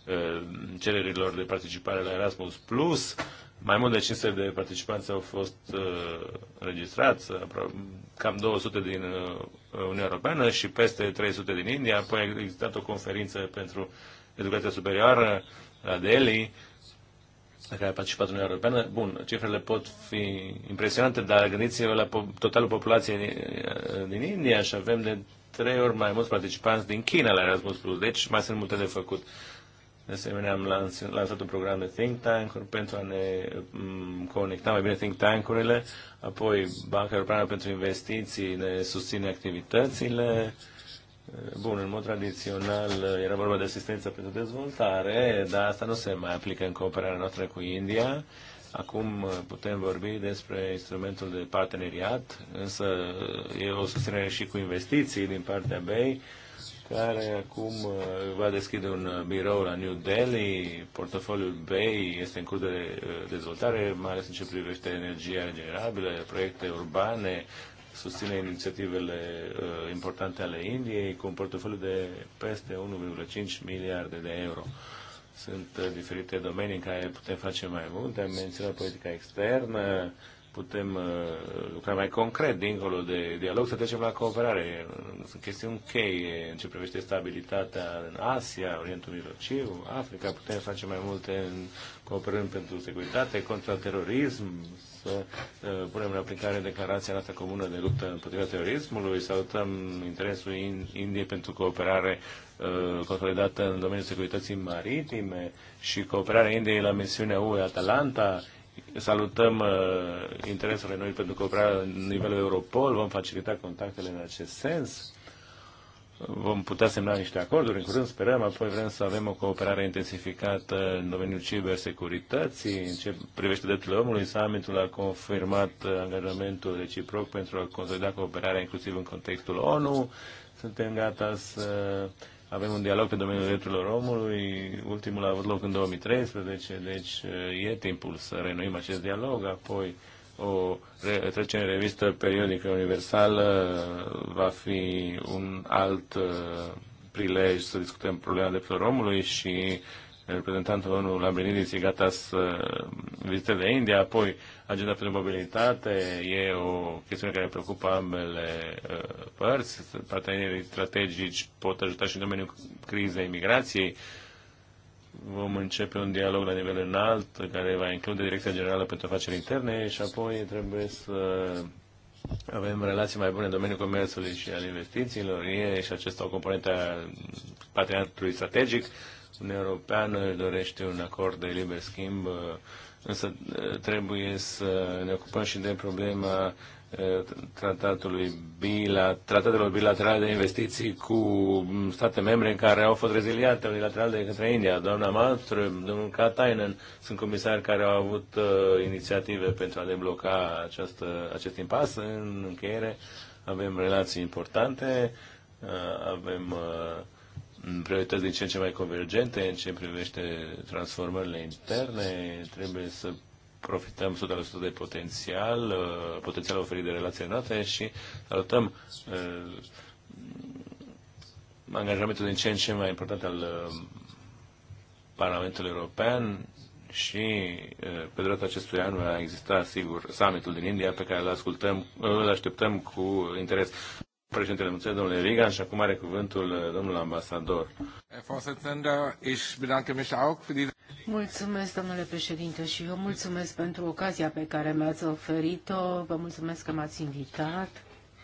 uh, cererilor de participare la Erasmus Plus, mai mult de 500 de participanți au fost uh, înregistrați, uh, cam 200 din uh, Uniunea Europeană și peste 300 din India. Apoi a existat o conferință pentru educația superioară la Delhi, la care a participat Uniunea Europeană. Bun, cifrele pot fi impresionante, dar gândiți-vă la totalul populației din India și avem de trei ori mai mulți participanți din China la Erasmus Plus, deci mai sunt multe de făcut. De asemenea, am lansat, un program de think tank pentru a ne mm, conecta mai bine think tank-urile, apoi Banca Europeană pentru Investiții ne susține activitățile, Bun, în mod tradițional uh, era vorba de asistență pentru dezvoltare, dar asta nu se mai aplică în cooperarea noastră cu India. Acum uh, putem vorbi despre instrumentul de parteneriat, însă uh, e o susținere și cu investiții din partea BEI, care acum va deschide un birou la New Delhi. Portofoliul BEI este în curs de dezvoltare, mai ales în ce privește energia regenerabilă, proiecte urbane, susține inițiativele uh, importante ale Indiei cu un portofoliu de peste 1,5 miliarde de euro. Sunt uh, diferite domenii în care putem face mai mult. Am menționat politica externă, putem uh, lucra mai concret dincolo de dialog, să trecem la cooperare. Sunt chestiuni cheie în ce privește stabilitatea în Asia, Orientul Mijlociu, Africa. Putem face mai multe în cooperând pentru securitate, contra terorism, să uh, punem în aplicare declarația noastră comună de luptă împotriva terorismului. Salutăm interesul Indiei pentru cooperare uh, consolidată în domeniul securității maritime și cooperarea Indiei la misiunea UE Atalanta. Salutăm uh, interesele noi pentru cooperarea la nivelul Europol. Vom facilita contactele în acest sens vom putea semna niște acorduri, în curând sperăm, apoi vrem să avem o cooperare intensificată în domeniul cibersecurității, în ce privește drepturile omului, summitul a confirmat angajamentul reciproc pentru a consolida cooperarea inclusiv în contextul ONU, suntem gata să avem un dialog pe domeniul drepturilor omului, ultimul a avut loc în 2013, deci e timpul să renuim acest dialog, apoi o trecere în revistă periodică universală va fi un alt uh, prilej să discutăm problema drepturilor omului și reprezentantul ONU Lambrinidis e gata să viziteze India, apoi agenda pentru mobilitate e o chestiune care preocupă ambele uh, părți, partenerii strategici pot ajuta și în domeniul crizei migrației, vom începe un dialog la nivel înalt care va include Direcția Generală pentru Afaceri Interne și apoi trebuie să avem relații mai bune în domeniul comerțului și al investițiilor. E și acesta o componentă a parteneriatului strategic. Uniunea Europeană dorește un acord de liber schimb, însă trebuie să ne ocupăm și de problema tratatului bila, tratatelor bilaterale de investiții cu state membre în care au fost reziliate unilateral de către India. Doamna Malmström, domnul Katainen sunt comisari care au avut uh, inițiative pentru a debloca această, acest impas. În încheiere avem relații importante, uh, avem uh, priorități din ce în ce mai convergente în ce privește transformările interne, trebuie să profităm 100% de potențial, uh, potențial oferit de relația noastre și salutăm uh, angajamentul din ce în ce mai important al uh, Parlamentului European și pe durata acestui an va exista, sigur, summitul din India pe care îl ascultăm, îl așteptăm cu interes. Președintele Mulțumesc, domnule Reagan, și acum are cuvântul domnul ambasador. Mulțumesc, domnule președinte, și eu mulțumesc pentru ocazia pe care mi-ați oferit-o. Vă mulțumesc că m-ați invitat,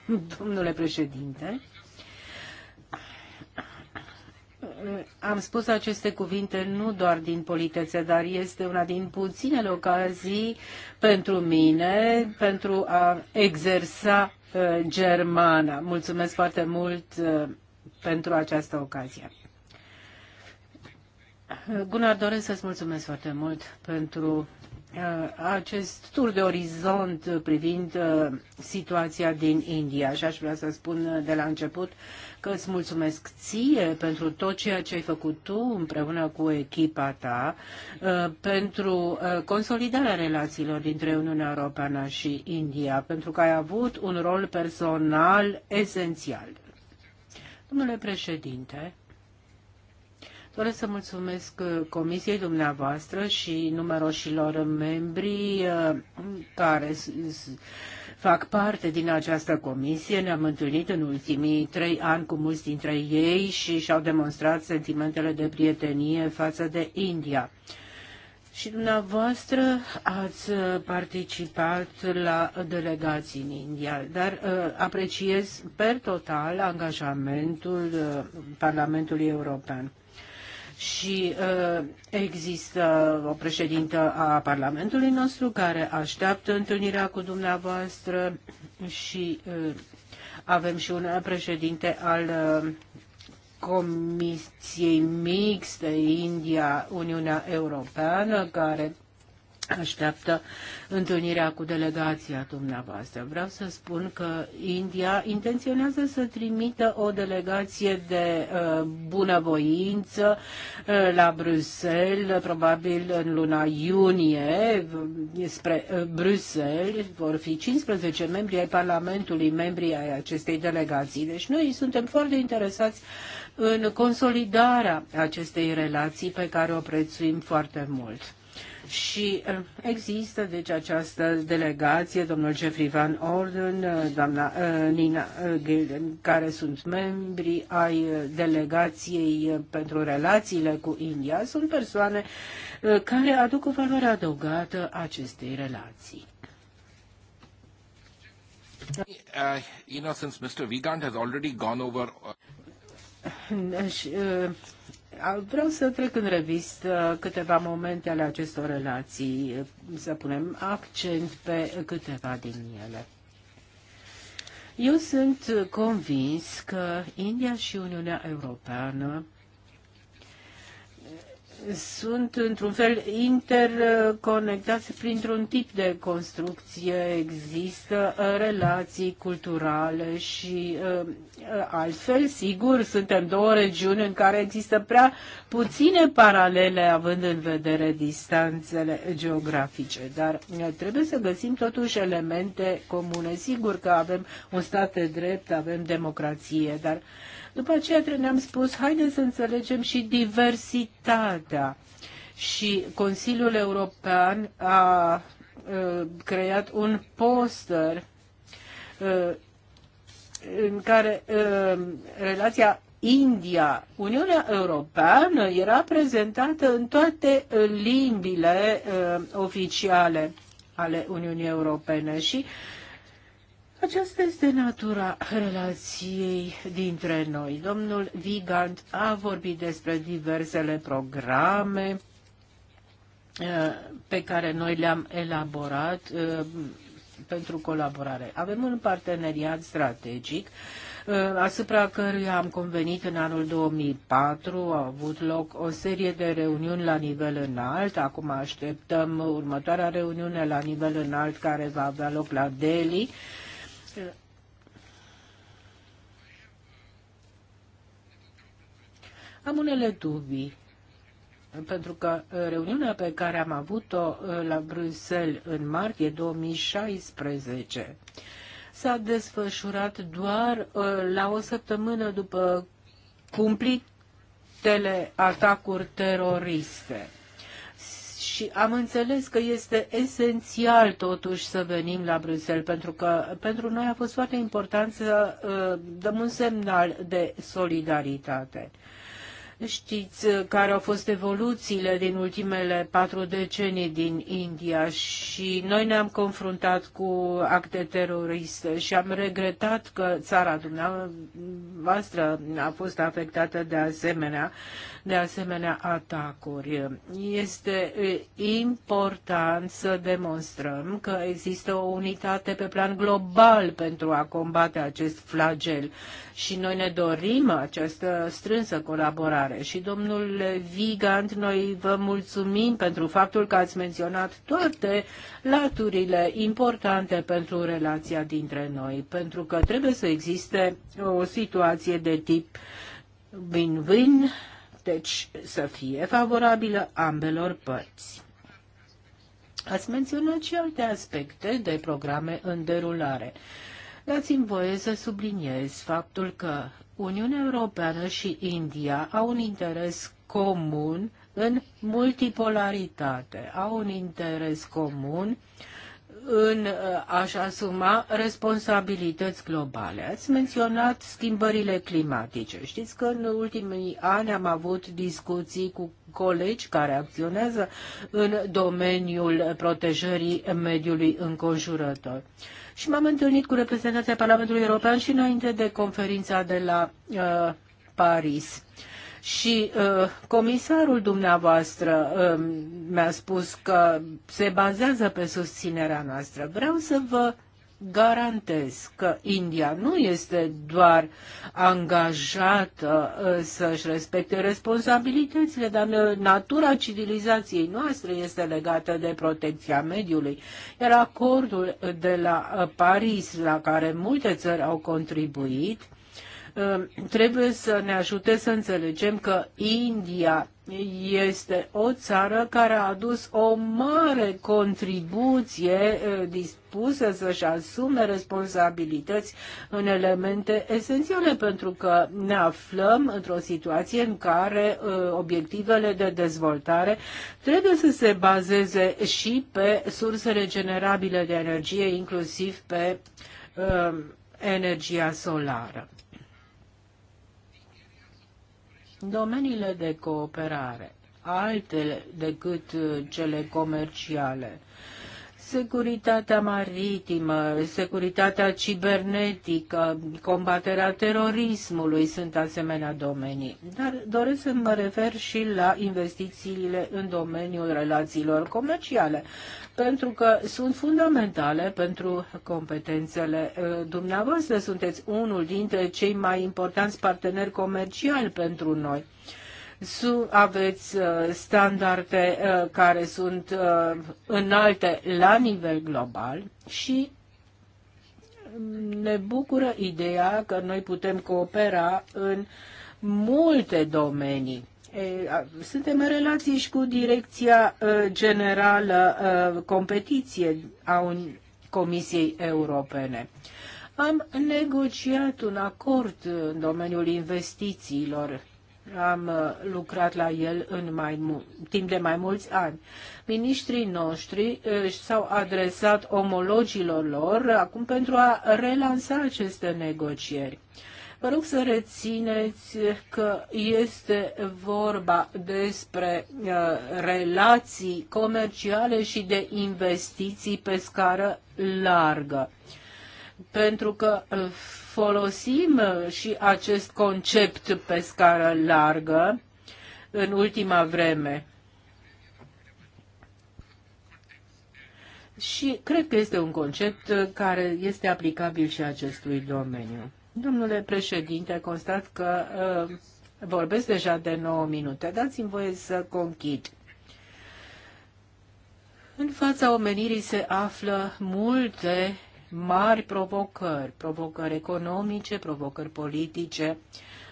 [laughs] domnule președinte. Am spus aceste cuvinte nu doar din politețe, dar este una din puținele ocazii pentru mine pentru a exersa uh, germana. Mulțumesc foarte mult uh, pentru această ocazie. Gunnar, doresc să-ți mulțumesc foarte mult pentru uh, acest tur de orizont privind uh, situația din India și aș vrea să spun uh, de la început că îți mulțumesc ție pentru tot ceea ce ai făcut tu împreună cu echipa ta pentru consolidarea relațiilor dintre Uniunea Europeană și India, pentru că ai avut un rol personal esențial. Domnule președinte, Doresc să mulțumesc uh, comisiei dumneavoastră și numeroșilor membri uh, care fac parte din această comisie. Ne-am întâlnit în ultimii trei ani cu mulți dintre ei și și-au demonstrat sentimentele de prietenie față de India. Și dumneavoastră ați uh, participat la delegații în India, dar uh, apreciez per total angajamentul uh, Parlamentului European și uh, există o președintă a Parlamentului nostru care așteaptă întâlnirea cu dumneavoastră și uh, avem și un președinte al uh, Comisiei Mixte India-Uniunea Europeană care așteaptă întâlnirea cu delegația dumneavoastră. Vreau să spun că India intenționează să trimită o delegație de uh, bunăvoință uh, la Bruxelles, probabil în luna iunie, spre uh, Bruxelles. Vor fi 15 membri ai Parlamentului, membri ai acestei delegații. Deci noi suntem foarte interesați în consolidarea acestei relații pe care o prețuim foarte mult. Și eh, există deci această delegație, domnul Jeffrey Van Orden, eh, doamna eh, Nina Gilden, care sunt membri ai delegației pentru relațiile cu India. Sunt persoane care aduc o valoare adăugată acestei relații. Uh, you know, since Mr. Vigand has already gone over... uh, Vreau să trec în revistă câteva momente ale acestor relații, să punem accent pe câteva din ele. Eu sunt convins că India și Uniunea Europeană sunt într-un fel interconectați printr-un tip de construcție, există uh, relații culturale și uh, uh, altfel, sigur, suntem două regiuni în care există prea puține paralele având în vedere distanțele geografice, dar trebuie să găsim totuși elemente comune. Sigur că avem un stat de drept, avem democrație, dar uh, după aceea ne-am spus, haideți să înțelegem și diversitatea. Și Consiliul European a creat un poster în care relația India, Uniunea Europeană era prezentată în toate limbile uh, oficiale ale Uniunii Europene și uh, aceasta este natura relației dintre noi. Domnul Vigand a vorbit despre diversele programe eh, pe care noi le-am elaborat eh, pentru colaborare. Avem un parteneriat strategic eh, asupra căruia am convenit în anul 2004. Au avut loc o serie de reuniuni la nivel înalt. Acum așteptăm următoarea reuniune la nivel înalt care va avea loc la Delhi deci, am unele dubii, pentru că uh, reuniunea pe care am avut-o uh, la Bruxelles în martie 2016 s-a desfășurat doar uh, la o săptămână după cumplitele atacuri teroriste și am înțeles că este esențial totuși să venim la Bruxelles, pentru că pentru noi a fost foarte important să uh, dăm un semnal de solidaritate. Știți uh, care au fost evoluțiile din ultimele patru decenii din India și noi ne-am confruntat cu acte teroriste și am regretat că țara dumneavoastră a fost afectată de asemenea, de asemenea atacuri. Este uh, important să demonstrăm că există o unitate pe plan global pentru a combate acest flagel și noi ne dorim această strânsă colaborare dezvoltare. Și domnul Vigand, noi vă mulțumim pentru faptul că ați menționat toate laturile importante pentru relația dintre noi, pentru că trebuie să existe o situație de tip win-win, deci să fie favorabilă ambelor părți. Ați menționat și alte aspecte de programe în derulare. Dați-mi voie să subliniez faptul că Uniunea Europeană și India au un interes comun în multipolaritate, au un interes comun uh, în uh, aș asuma responsabilități globale. Ați menționat schimbările climatice. Știți că în ultimii ani am avut discuții cu colegi care acționează în domeniul protejării mediului înconjurător. Și m-am întâlnit cu reprezentanții Parlamentului European și înainte de conferința de la uh, Paris. Uh, și uh, comisarul dumneavoastră uh, mi-a spus că se bazează pe susținerea noastră. Vreau să vă garantez că India nu este doar angajată uh, să-și respecte responsabilitățile, dar uh, natura civilizației noastre este legată de protecția mediului. Iar acordul de la uh, Paris, la care multe țări au contribuit, trebuie să ne ajute să înțelegem că India este o țară care a adus o mare contribuție dispusă să-și asume responsabilități în elemente esențiale, pentru că ne aflăm într-o situație în care obiectivele de dezvoltare trebuie să se bazeze și pe surse regenerabile de energie, inclusiv pe energia solară. Domeniile de cooperare, altele decât uh, cele comerciale, securitatea maritimă, securitatea cibernetică, combaterea terorismului sunt asemenea domenii. Dar doresc să mă refer și la investițiile în domeniul relațiilor comerciale pentru că sunt fundamentale pentru competențele uh, dumneavoastră. Sunteți unul dintre cei mai importanți parteneri comerciali pentru noi aveți uh, standarde uh, care sunt înalte la nivel global și ne bucură ideea că noi putem coopera în multe domenii. Suntem în relații și cu Direcția Generală Competiție a Comisiei Europene. Am negociat un acord în domeniul investițiilor. Am lucrat la el în mai timp de mai mulți ani. Ministrii noștri s-au adresat omologilor lor acum pentru a relansa aceste negocieri. Vă rog să rețineți că este vorba despre uh, relații comerciale și de investiții pe scară largă. Pentru că folosim și acest concept pe scară largă în ultima vreme. Și cred că este un concept care este aplicabil și acestui domeniu. Domnule președinte, constat că uh, vorbesc deja de 9 minute. Dați-mi voie să conchid. În fața omenirii se află multe mari provocări, provocări economice, provocări politice,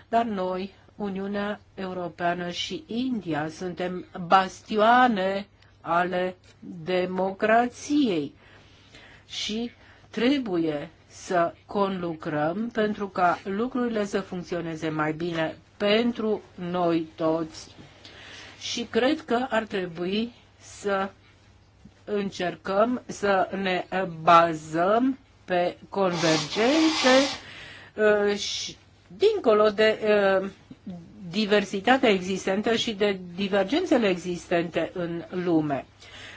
dar noi, Uniunea Europeană și India, suntem bastioane ale democrației și trebuie să conlucrăm pentru ca lucrurile să funcționeze mai bine pentru noi toți. Și cred că ar trebui să încercăm să ne bazăm pe convergențe uh, și dincolo de uh, diversitatea existentă și de divergențele existente în lume.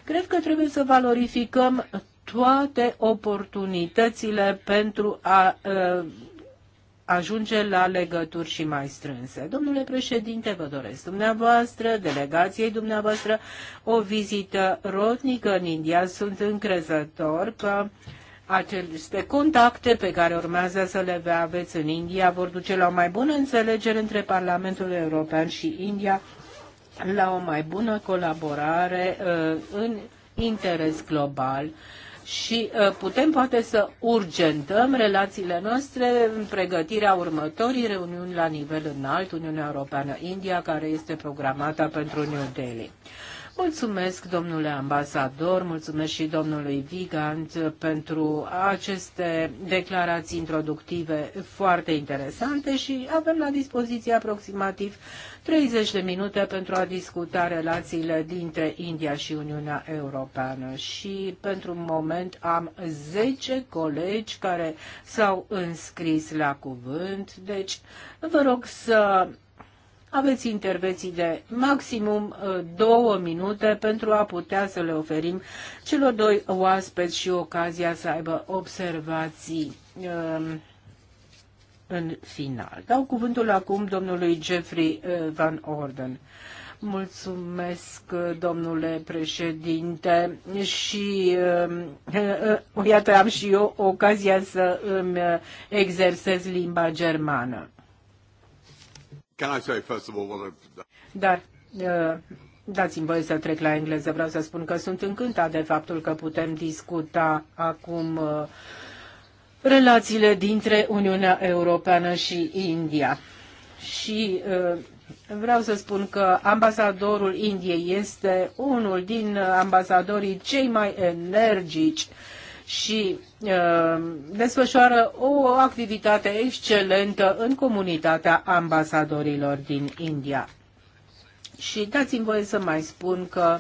Cred că trebuie să valorificăm toate oportunitățile pentru a ajunge la legături și mai strânse. Domnule președinte, vă doresc dumneavoastră, delegației dumneavoastră, o vizită rodnică în India. Sunt încrezător că aceste contacte pe care urmează să le aveți în India vor duce la o mai bună înțelegere între Parlamentul European și India, la o mai bună colaborare uh, în interes global și uh, putem poate să urgentăm relațiile noastre în pregătirea următorii reuniuni la nivel înalt, Uniunea Europeană-India, care este programată pentru New Delhi. Mulțumesc, domnule ambasador, mulțumesc și domnului Vigant pentru aceste declarații introductive foarte interesante și avem la dispoziție aproximativ 30 de minute pentru a discuta relațiile dintre India și Uniunea Europeană. Și pentru un moment am 10 colegi care s-au înscris la cuvânt, deci vă rog să aveți intervenții de maximum uh, două minute pentru a putea să le oferim celor doi oaspeți și ocazia să aibă observații. Uh, în final. Dau cuvântul acum domnului Jeffrey uh, Van Orden. Mulțumesc, uh, domnule președinte, și um, uh, iată am și eu ocazia să îmi exersez limba germană. Can I say, first of all, what I've... Dar dați-mi voie să trec la engleză. Vreau să spun că sunt încântat de faptul că putem discuta acum uh, relațiile dintre Uniunea Europeană și India. Și uh, vreau să spun că ambasadorul Indiei este unul din ambasadorii cei mai energici și uh, desfășoară o activitate excelentă în comunitatea ambasadorilor din India. Și dați-mi voie să mai spun că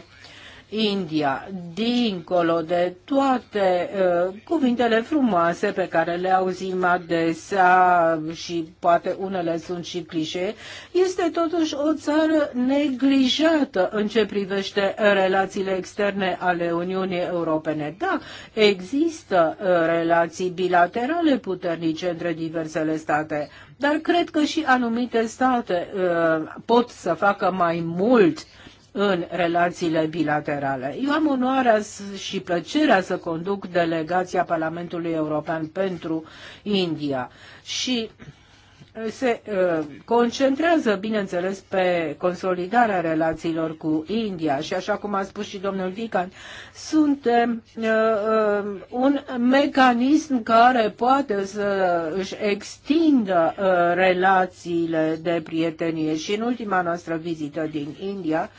India, dincolo de toate uh, cuvintele frumoase pe care le auzim adesea și poate unele sunt și clișe, este totuși o țară neglijată în ce privește relațiile externe ale Uniunii Europene. Da, există uh, relații bilaterale puternice între diversele state, dar cred că și anumite state uh, pot să facă mai mult uh, în relațiile bilaterale. Eu am onoarea și plăcerea să conduc delegația Parlamentului European pentru India și se uh, concentrează, bineînțeles, pe consolidarea relațiilor cu India și, așa cum a spus și domnul Vican, suntem uh, uh, un mecanism care poate să își extindă relațiile de prietenie și în ultima noastră vizită din India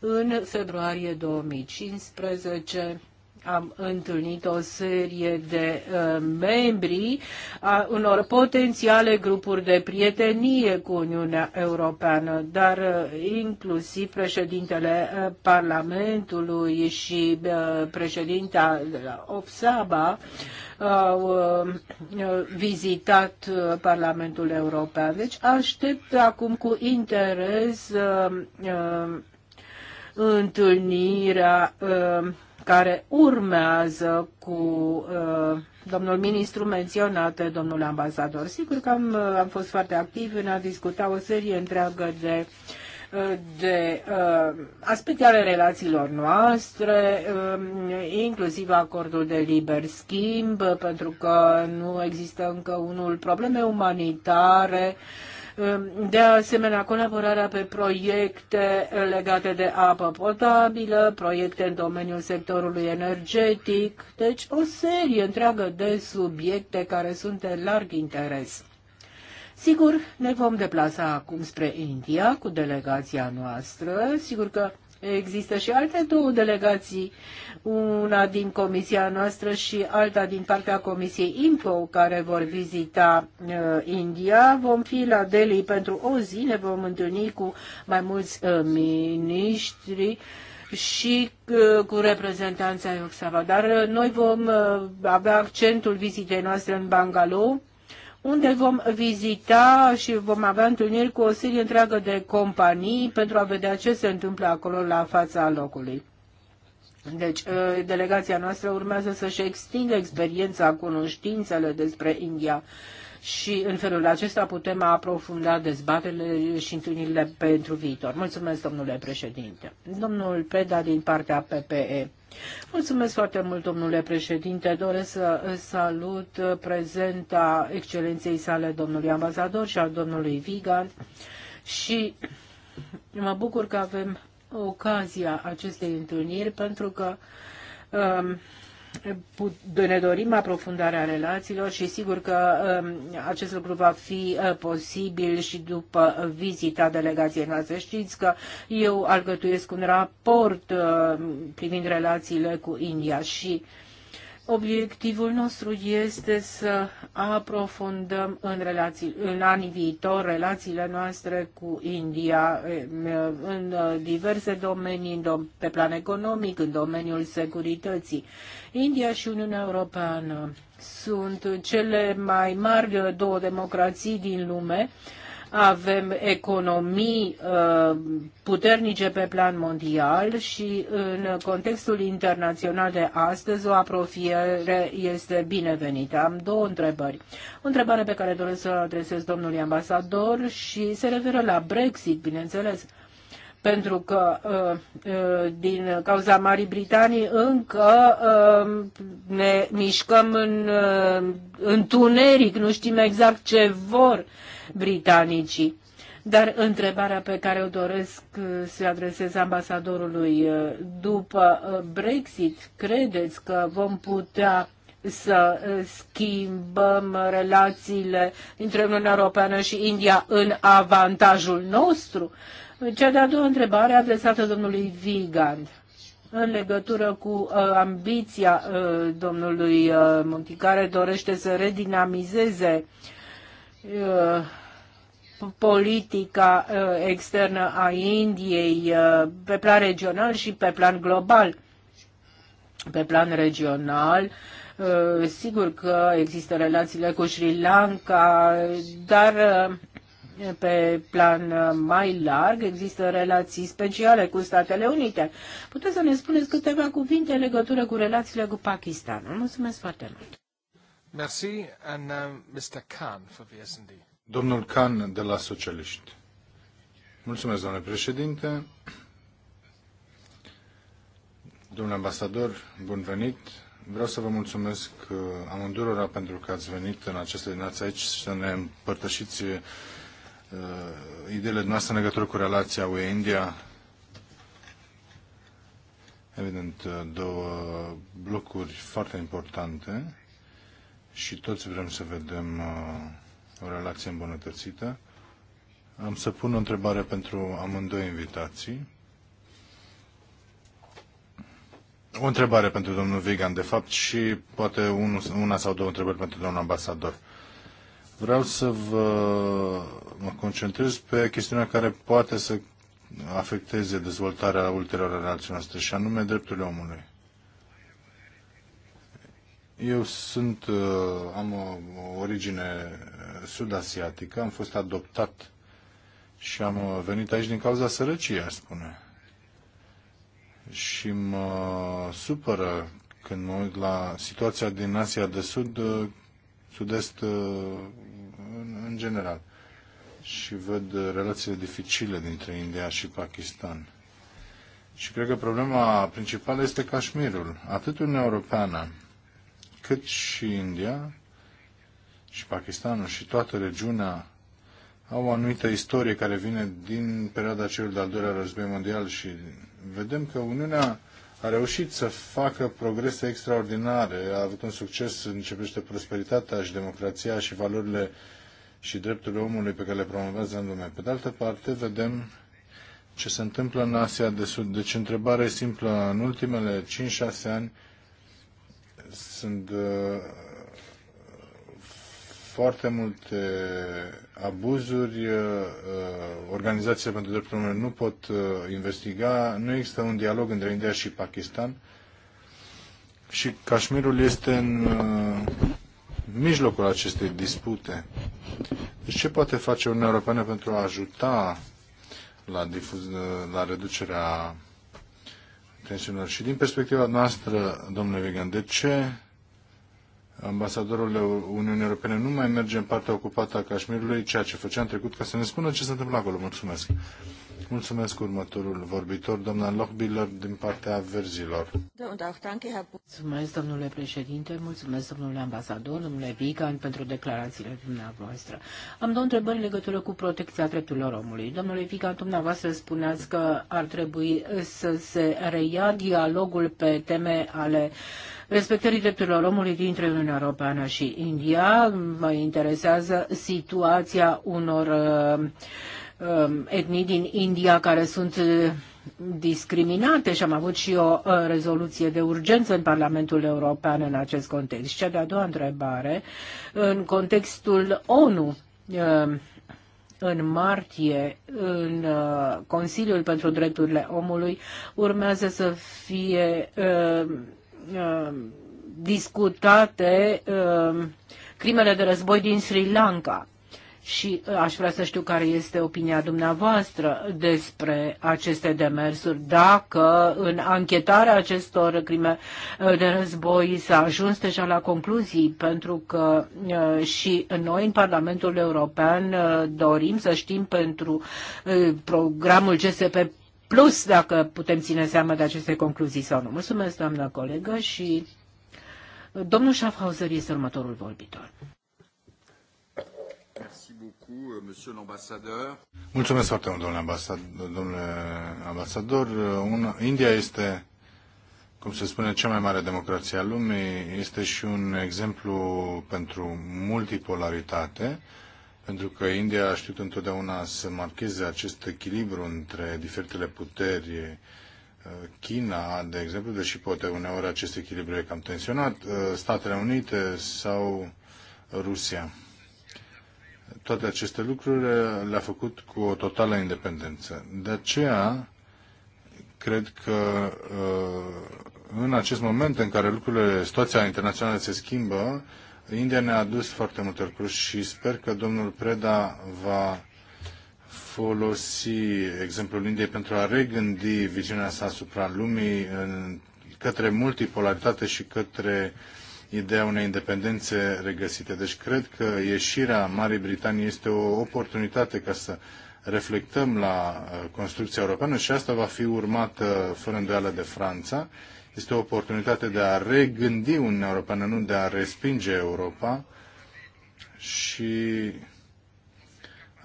în februarie 2015 am întâlnit o serie de uh, membri a unor potențiale grupuri de prietenie cu Uniunea Europeană, dar uh, inclusiv președintele uh, Parlamentului și uh, președinta uh, OPSABA au uh, vizitat uh, Parlamentul European. Deci aștept acum cu interes întâlnirea uh, care urmează cu uh, domnul ministru menționat, domnul ambasador. Sigur că am, uh, am fost foarte activ în a discuta o serie întreagă de de uh, aspecte ale relațiilor noastre, uh, inclusiv acordul de liber schimb, pentru că nu există încă unul probleme umanitare, Ehm, de asemenea, colaborarea pe proiecte legate de apă potabilă, proiecte în domeniul sectorului energetic, deci o serie întreagă de subiecte care sunt de larg interes. Sigur, ne vom deplasa acum spre India cu delegația noastră. Sigur că Există și alte două delegații, una din comisia noastră și alta din partea comisiei impo, care vor vizita uh, India. Vom fi la Delhi pentru o zi, ne vom întâlni cu mai mulți uh, miniștri și uh, cu reprezentanța Ioxava. Dar uh, noi vom uh, avea accentul vizitei noastre în Bangalore, unde vom vizita și vom avea întâlniri cu o serie întreagă de companii pentru a vedea ce se întâmplă acolo la fața locului. Deci, ă, delegația noastră urmează să-și extindă experiența, cunoștințele despre India și în felul acesta putem aprofunda dezbaterile și întâlnirile pentru viitor. Mulțumesc, domnule președinte. Domnul Preda din partea PPE. Mulțumesc foarte mult, domnule președinte. Doresc să salut prezenta excelenței sale domnului ambasador și al domnului Vigard. și mă bucur că avem ocazia acestei întâlniri pentru că um, ne dorim aprofundarea relațiilor și sigur că um, acest lucru va fi uh, posibil și după vizita delegației noastre. Știți că eu alcătuiesc un raport uh, privind relațiile cu India și Obiectivul nostru este să aprofundăm în, relații, în anii viitor relațiile noastre cu India eh, în diverse domenii, pe plan economic, în domeniul securității. India și Uniunea Europeană sunt cele mai mari două democrații din lume avem economii uh, puternice pe plan mondial și în contextul internațional de astăzi o apropiere este binevenită. Am două întrebări. O întrebare pe care doresc să o adresez domnului ambasador și se referă la Brexit, bineînțeles pentru că uh, uh, din cauza Marii Britanii încă uh, ne mișcăm în întuneric, nu știm exact ce vor britanicii. Dar întrebarea pe care o doresc uh, să adresez ambasadorului uh, după uh, Brexit, credeți că vom putea să schimbăm relațiile dintre Uniunea Europeană și India în avantajul nostru? Cea de-a doua întrebare adresată domnului Vigand în legătură cu uh, ambiția uh, domnului uh, Monti, care dorește să redinamizeze uh, Uh, politica uh, externă a Indiei uh, pe plan regional și pe plan global. Pe plan regional, sigur că există relațiile cu Sri Lanka, dar pe plan mai larg există relații speciale cu Statele Unite. Puteți să ne spuneți câteva cuvinte în legătură cu relațiile cu Pakistan. Mulțumesc foarte mult! Merci. And uh, Mr. Khan for the S&D. Domnul Khan de la Socialiști. Mulțumesc, domnule președinte. Domnule ambasador, bun venit. Vreau să vă mulțumesc uh, amândurora pentru că ați venit în această dimineață aici să ne împărtășiți uh, ideile noastre în legătură cu relația UE-India. Evident, uh, două blocuri foarte importante și toți vrem să vedem uh, o relație îmbunătățită. Am să pun o întrebare pentru amândoi invitații. O întrebare pentru domnul Vigan, de fapt, și poate una sau două întrebări pentru domnul ambasador. Vreau să vă mă concentrez pe chestiunea care poate să afecteze dezvoltarea ulterioră a relației noastre, și anume drepturile omului. Eu sunt, uh, am o origine uh, sud-asiatică, am fost adoptat și am uh, venit aici din cauza sărăciei, aș spune. Și mă supără când mă uit la situația din Asia de Sud, Sud-Est în general. Și văd relațiile dificile dintre India și Pakistan. Și cred că problema principală este Cașmirul. Atât Uniunea Europeană, cât și India și Pakistanul și toată regiunea au o anumită istorie care vine din perioada celor de-al doilea război mondial și vedem că Uniunea a reușit să facă progrese extraordinare, a avut un succes în ce privește prosperitatea și democrația și valorile și drepturile omului pe care le promovează în lume. Pe de altă parte, vedem ce se întâmplă în Asia de Sud. Deci, întrebarea e simplă. În ultimele 5-6 ani, sunt uh, foarte multe abuzuri, uh, uh, organizațiile pentru drepturile omului nu pot investiga, nu există un dialog între India și Pakistan și Cașmirul este în mijlocul acestei dispute. Deci ce poate face Uniunea Europeană pentru a ajuta la, difuz, la reducerea tensiunilor? Și din perspectiva noastră, domnule Vigan, de ce ambasadorul Uniunii Europene nu mai merge în partea ocupată a Cașmirului, ceea ce făcea în trecut, ca să ne spună ce se întâmplă acolo. Mulțumesc. Mulțumesc următorul vorbitor, doamna Lochbiller, din partea verzilor. Mulțumesc, domnule președinte, mulțumesc, domnule ambasador, domnule Vigan, pentru declarațiile dumneavoastră. Am două întrebări în legătură cu protecția drepturilor omului. Domnule Vigan, dumneavoastră spuneați că ar trebui să se reia dialogul pe teme ale respectării drepturilor omului dintre Uniunea Europeană și India. Mă interesează situația unor uh, Um, etnii din India care sunt uh, discriminate și am avut și o uh, rezoluție de urgență în Parlamentul European în acest context. Cea de-a doua întrebare, în contextul ONU, um, în martie în uh, Consiliul pentru Drepturile Omului urmează să fie um, discutate crimele de război din Sri Lanka și uh, aș vrea să știu care este opinia dumneavoastră despre aceste demersuri. Dacă în anchetarea acestor crime uh, de război s-a ajuns deja la concluzii, pentru că uh, și noi în Parlamentul European dorim să știm pentru programul GSP Plus dacă putem ține seama de aceste concluzii sau nu. Mulțumesc, doamna colegă, și domnul Schaffhauser este următorul vorbitor. Euh, Mulțumesc foarte mult, domnule ambasador. Domnule ambasador. Uh, un... India este, cum se spune, cea mai mare democrație a lumii. Este și un exemplu pentru multipolaritate, pentru că India a știut întotdeauna să marcheze acest echilibru între diferitele puteri. Uh, China, de exemplu, deși poate uneori acest echilibru e cam tensionat, uh, Statele Unite sau Rusia toate aceste lucruri le-a făcut cu o totală independență. De aceea, cred că uh, în acest moment în care lucrurile, situația internațională se schimbă, India ne-a adus foarte multe lucruri și sper că domnul Preda va folosi exemplul Indiei pentru a regândi viziunea sa asupra lumii în, către multipolaritate și către uh, ideea unei independențe regăsite. Deci cred că ieșirea Marii Britanii este o oportunitate ca să reflectăm la uh, construcția europeană și asta va fi urmată uh, fără îndoială de Franța. Este o oportunitate de a regândi Uniunea Europeană, nu de a respinge Europa și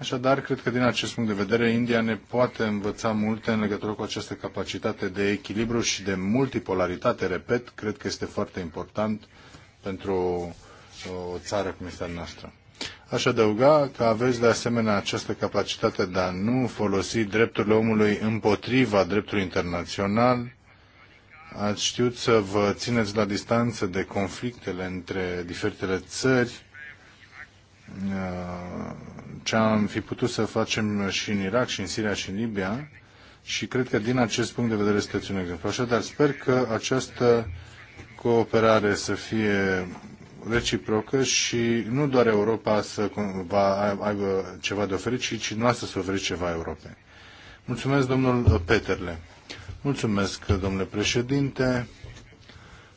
Așadar, cred că din acest punct de vedere, India ne poate învăța multe în legătură cu această capacitate de echilibru și de multipolaritate. Repet, cred că este foarte important pentru o țară cum este a noastră. Aș adăuga că aveți de asemenea această capacitate de a nu folosi drepturile omului împotriva dreptului internațional. Ați știut să vă țineți la distanță de conflictele între diferitele țări Uh, ce am fi putut să facem și în Irak, și în Siria, și în Libia. Și cred că din acest punct de vedere este un exemplu. Așadar, sper că această cooperare să fie reciprocă și nu doar Europa să va aibă ceva de oferit, ci, ci noastră să oferi ceva Europei. Mulțumesc, domnul Peterle. Mulțumesc, domnule președinte.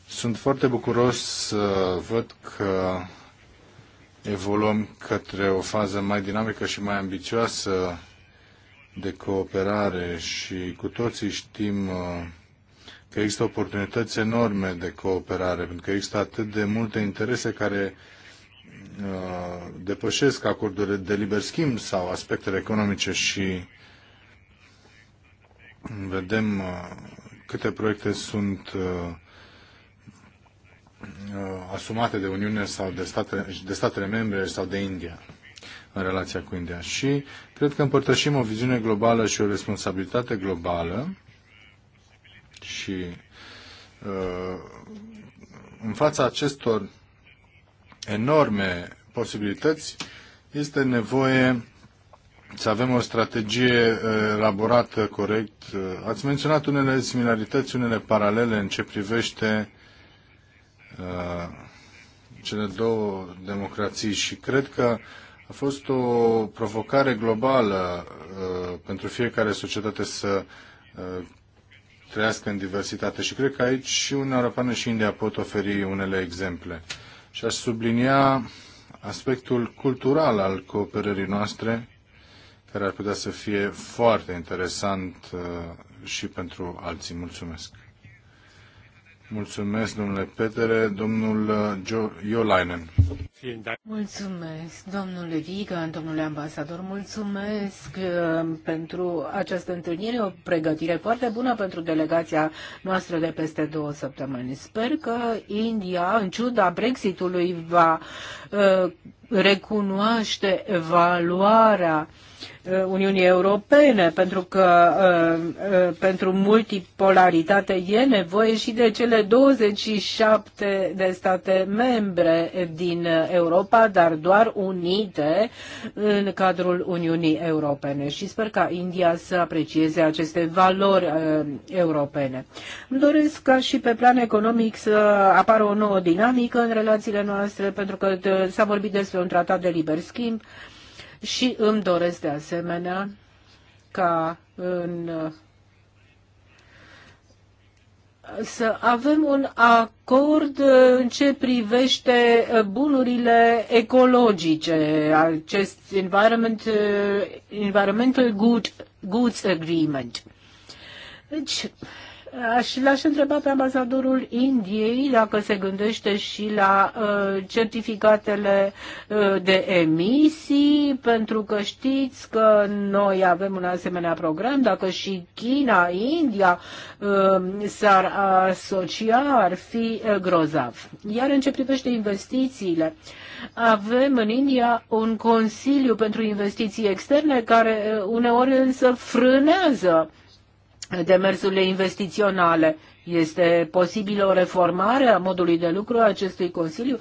Sunt foarte bucuros să văd că evoluăm către o fază mai dinamică și mai ambițioasă de cooperare și cu toții știm uh, că există oportunități enorme de cooperare, pentru că există atât de multe interese care uh, depășesc acordurile de liber schimb sau aspectele economice și vedem uh, câte proiecte sunt Uh, asumate de Uniune sau de statele, de statele membre sau de India în relația cu India. Și cred că împărtășim o viziune globală și o responsabilitate globală și uh, în fața acestor enorme posibilități este nevoie să avem o strategie uh, elaborată corect. Uh, ați menționat unele similarități, unele paralele în ce privește Uh, cele două democrații și cred că a fost o provocare globală uh, pentru fiecare societate să uh, trăiască în diversitate și cred că aici și Uniunea Europeană și India pot oferi unele exemple. Și aș sublinia aspectul cultural al cooperării noastre, care ar putea să fie foarte interesant și pentru alții. Mulțumesc! Mulțumesc, domnule Petere. Domnul Iolainen. Uh, mulțumesc, domnule Vigan, domnule ambasador, mulțumesc uh, pentru această întâlnire, o pregătire foarte bună pentru delegația noastră de peste două săptămâni. Sper că India, în ciuda Brexitului, va uh, recunoaște valoarea uh, Uniunii Europene, pentru că uh, uh, pentru multipolaritate e nevoie și de cele 27 de state membre din Europa, dar doar unite în cadrul Uniunii Europene. Și sper ca India să aprecieze aceste valori europene. Îmi doresc ca și pe plan economic să apară o nouă dinamică în relațiile noastre, pentru că s-a vorbit despre este un tratat de liber schimb și îmi doresc de asemenea ca în să avem un acord în ce privește bunurile ecologice, acest environment, Environmental Good, Goods Agreement. Deci, Aș l-aș întreba pe ambasadorul Indiei dacă se gândește și la uh, certificatele uh, de emisii, pentru că știți că noi avem un asemenea program, dacă și China, India uh, s-ar asocia, ar fi uh, grozav. Iar în ce privește investițiile, avem în India un Consiliu pentru Investiții Externe care uh, uneori însă frânează uh, demersurile investiționale. Este posibilă o reformare a modului de lucru a acestui Consiliu?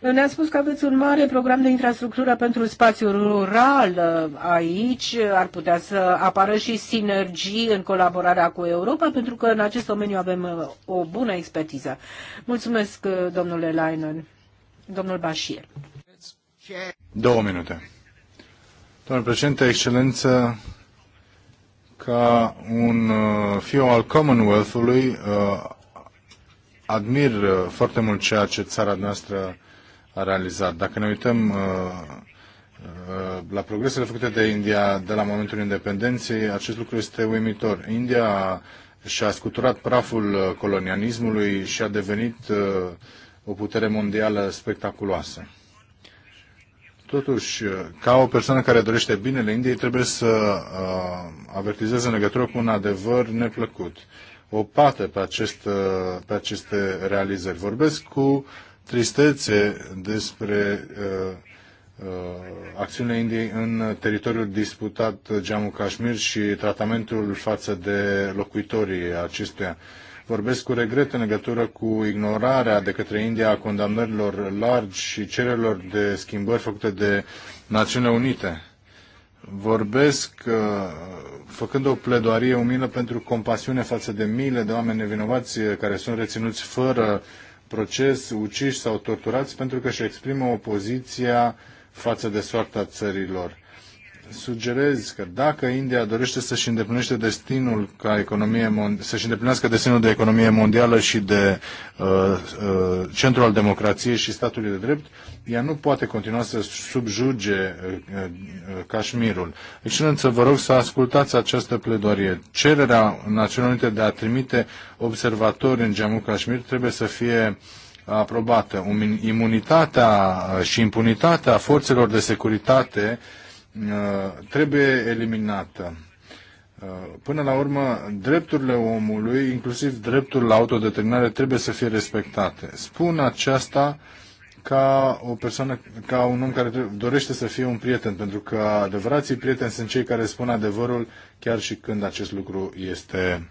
Ne-a spus că aveți un mare program de infrastructură pentru spațiul rural aici. Ar putea să apară și sinergii în colaborarea cu Europa, pentru că în acest domeniu avem uh, o bună expertiză. Mulțumesc, uh, domnule Leinen. Domnul Bașier. Două minute. Domnule președinte, excelență, ca un uh, fiu al Commonwealth-ului, uh, admir uh, foarte mult ceea ce țara noastră a realizat. Dacă ne uităm la progresele făcute de India de la momentul independenței, acest lucru este uimitor. India și-a scuturat praful colonialismului și a devenit o putere mondială spectaculoasă. Totuși, ca o persoană care dorește binele Indiei, trebuie să uh, avertizeze în legătură cu un adevăr neplăcut. O pată pe, acest, uh, pe aceste realizări. Vorbesc cu tristețe despre uh, uh, acțiunile Indiei în teritoriul disputat Jammu Kashmir și tratamentul față de locuitorii acestuia. Uh, Vorbesc cu regret în legătură cu ignorarea de către India a condamnărilor largi și cererilor de schimbări făcute de Națiunile Unite. Vorbesc uh, făcând o pledoarie umilă pentru compasiune față de miile de oameni nevinovați uh, care sunt reținuți fără proces, uciși sau torturați pentru că își exprimă opoziția față de soarta țărilor sugerez că dacă India dorește să-și îndeplinește destinul ca economie să-și îndeplinească destinul de economie mondială și de uh, uh, centru al democrației și statului de drept, ea nu poate continua să subjuge uh, uh, Cașmirul. Excelență, vă rog să ascultați această pledoarie. Cererea Națiunilor Unite de a trimite observatori în Jammu Cașmir trebuie să fie aprobată. Imunitatea și impunitatea forțelor de securitate uh, Uh, trebuie eliminată. Uh, până la urmă, drepturile omului, inclusiv dreptul la autodeterminare, trebuie să fie respectate. Spun aceasta ca o persoană, ca un om care dorește să fie un prieten, pentru că adevărații prieteni sunt cei care spun adevărul chiar și când acest lucru este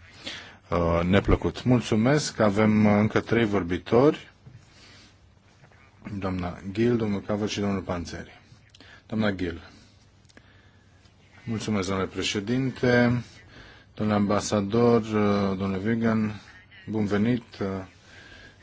uh, neplăcut. Mulțumesc, avem uh, încă trei vorbitori, doamna Gil, domnul Cavăr și domnul Panțeri. Doamna Gil. Mulțumesc, domnule președinte, domnule ambasador, uh, domnule Vigan, bun venit. Uh,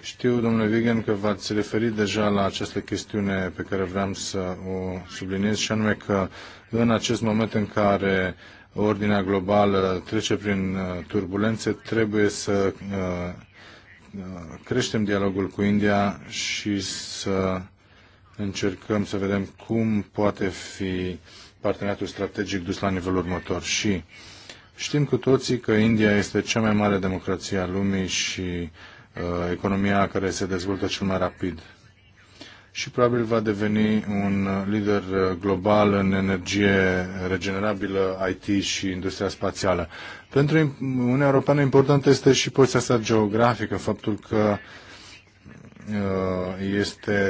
știu, domnule Vigan, că v-ați referit deja la această chestiune pe care vreau să o subliniez, și anume că în acest moment în care ordinea globală trece prin uh, turbulențe, trebuie să creștem dialogul cu India și să încercăm să vedem cum poate fi parteneriatul strategic dus la nivelul următor și știm cu toții că India este cea mai mare democrație a lumii și uh, economia care se dezvoltă cel mai rapid și probabil va deveni un lider uh, global în energie regenerabilă, IT și industria spațială. Pentru Uniunea Europeană importantă este și poziția sa geografică, faptul că uh, este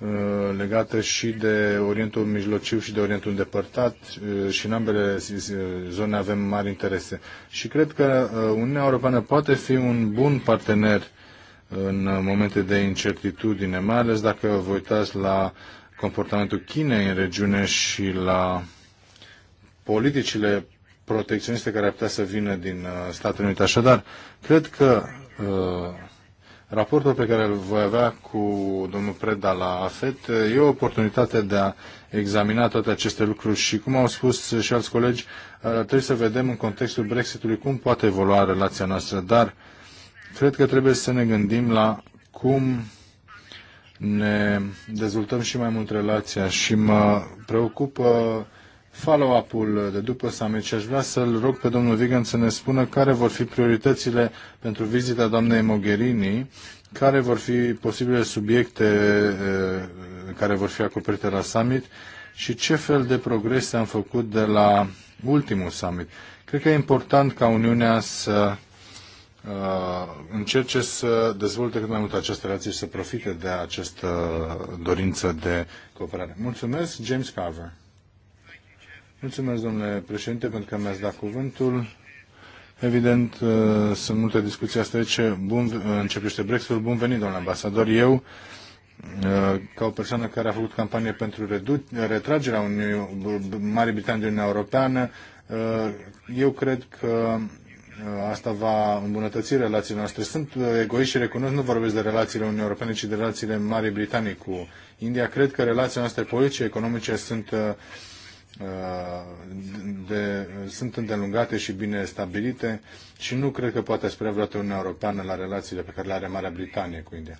Uh, legată și de Orientul Mijlociu și de Orientul Îndepărtat uh, și în ambele zone avem mari interese. Și cred că uh, Uniunea Europeană poate fi un bun partener în momente de incertitudine, mai ales dacă vă uitați la comportamentul Chinei în regiune și la politicile protecționiste care ar putea să vină din Statele Unite. Așadar, cred că Raportul pe care îl voi avea cu domnul Preda la AFET e o oportunitate de a examina toate aceste lucruri și, cum au spus și alți colegi, uh, trebuie să vedem în contextul Brexitului cum poate evolua relația noastră, dar cred că trebuie să ne gândim la cum ne dezvoltăm și mai mult relația și mă preocupă follow-up-ul de după summit și aș vrea să-l rog pe domnul Vigan să ne spună care vor fi prioritățile pentru vizita doamnei Mogherini, care vor fi posibile subiecte eh, care vor fi acoperite la summit și ce fel de progrese am făcut de la ultimul summit. Cred că e important ca Uniunea să eh, încerce să dezvolte cât mai mult această relație și să profite de această dorință de cooperare. Mulțumesc, James Carver. Mulțumesc, domnule președinte, pentru că mi-ați dat cuvântul. Evident, uh, sunt multe discuții astea ce bun, uh, începește Brexitul. Bun venit, domnule ambasador. Eu, uh, ca o persoană care a făcut campanie pentru retragerea Uniunii, Marii Britanii din Uniunea Europeană, eu cred că asta va îmbunătăți relațiile noastre. Sunt egoist și recunosc, nu vorbesc de relațiile Uniunii Europene, ci de relațiile Marii Britanii cu India. Cred că relațiile noastre politice, economice sunt Uh, de, sunt îndelungate și bine stabilite și nu cred că poate spre vreodată Uniunea Europeană la relațiile pe care le are Marea Britanie cu India.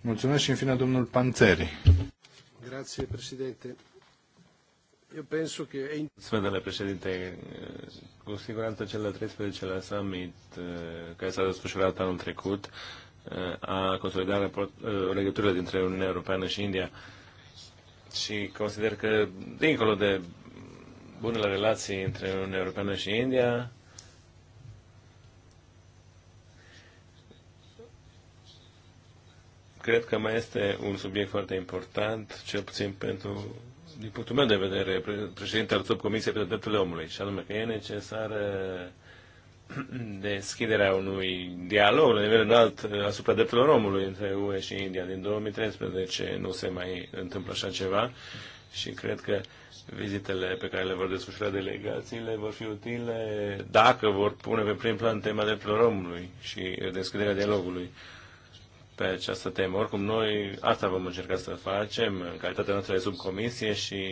Mulțumesc și în fine domnul Panțeri. Grazie, președinte. Eu penso că... Mulțumesc, domnule președinte. Cu siguranță cel de 13 la summit uh, care s-a desfășurat anul trecut uh, a consolidat legăturile dintre Uniunea Europeană și India și consider că, dincolo de bunele relații între Uniunea Europeană și India, cred că mai este un subiect foarte important, cel puțin pentru, din punctul meu de vedere, președintele subcomisiei pentru drepturile omului, și anume că e necesară [clears throat] deschiderea unui dialog la nivel înalt uh, asupra drepturilor omului între UE și India. Din 2013 nu se mai întâmplă așa ceva și cred că vizitele pe care le vor desfășura delegațiile vor fi utile dacă vor pune pe prim plan tema drepturilor omului și deschiderea dialogului pe această temă. Oricum, noi asta vom încerca să facem în calitatea noastră de subcomisie și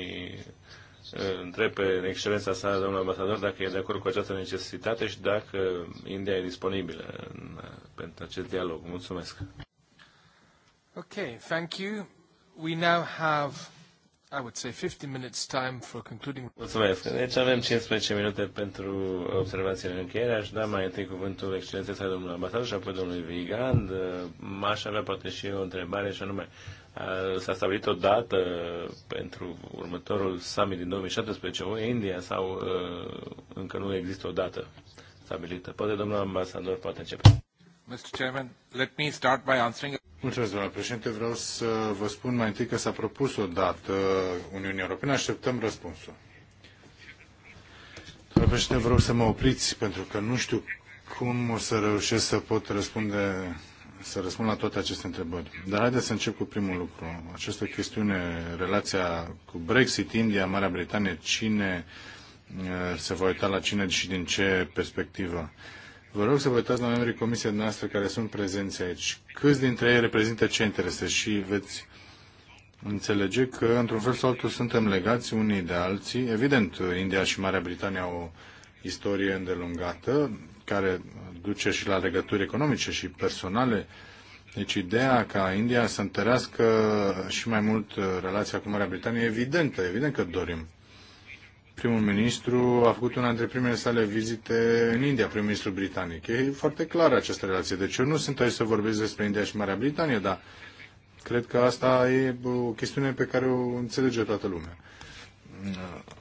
întreb pe excelența sa, domnul ambasador, dacă e de acord cu această necesitate și dacă India e disponibilă în, pentru acest dialog. Mulțumesc. Okay, thank you. We now have I would say 15 minutes time for concluding. Mulțumesc. Deci avem 15 minute pentru observațiile în încheiere. Aș da mai întâi cuvântul excelenței sa, domnului ambasador și apoi domnului Vigand. M-aș avea poate și eu o întrebare și anume, Uh, s-a stabilit o dată pentru următorul summit din 2017 în India sau uh, încă nu există o dată stabilită? Poate domnul ambasador poate începe. Mr. Chairman, let me start by answering... Mulțumesc, domnule președinte. Vreau să vă spun mai întâi că s-a propus o dată Uniunii Europene. Așteptăm răspunsul. Domnule președinte, vreau să mă opriți pentru că nu știu cum o să reușesc să pot răspunde să răspund la toate aceste întrebări. Dar haideți să încep cu primul lucru. Această chestiune, relația cu Brexit, India, Marea Britanie, cine uh, se va uita la cine și din ce perspectivă. Vă rog să vă uitați la membrii comisiei noastre care sunt prezenți aici. Câți dintre ei reprezintă ce interese și veți înțelege că, într-un fel sau altul, suntem legați unii de alții. Evident, India și Marea Britanie au o istorie îndelungată, care duce și la legături economice și personale. Deci ideea ca India să întărească și mai mult uh, relația cu Marea Britanie e evidentă, evident că dorim. Primul ministru a făcut una dintre primele sale vizite în India, primul ministru britanic. E foarte clară această relație. Deci eu nu sunt aici să vorbesc despre India și Marea Britanie, dar cred că asta e o chestiune pe care o înțelege toată lumea. Uh,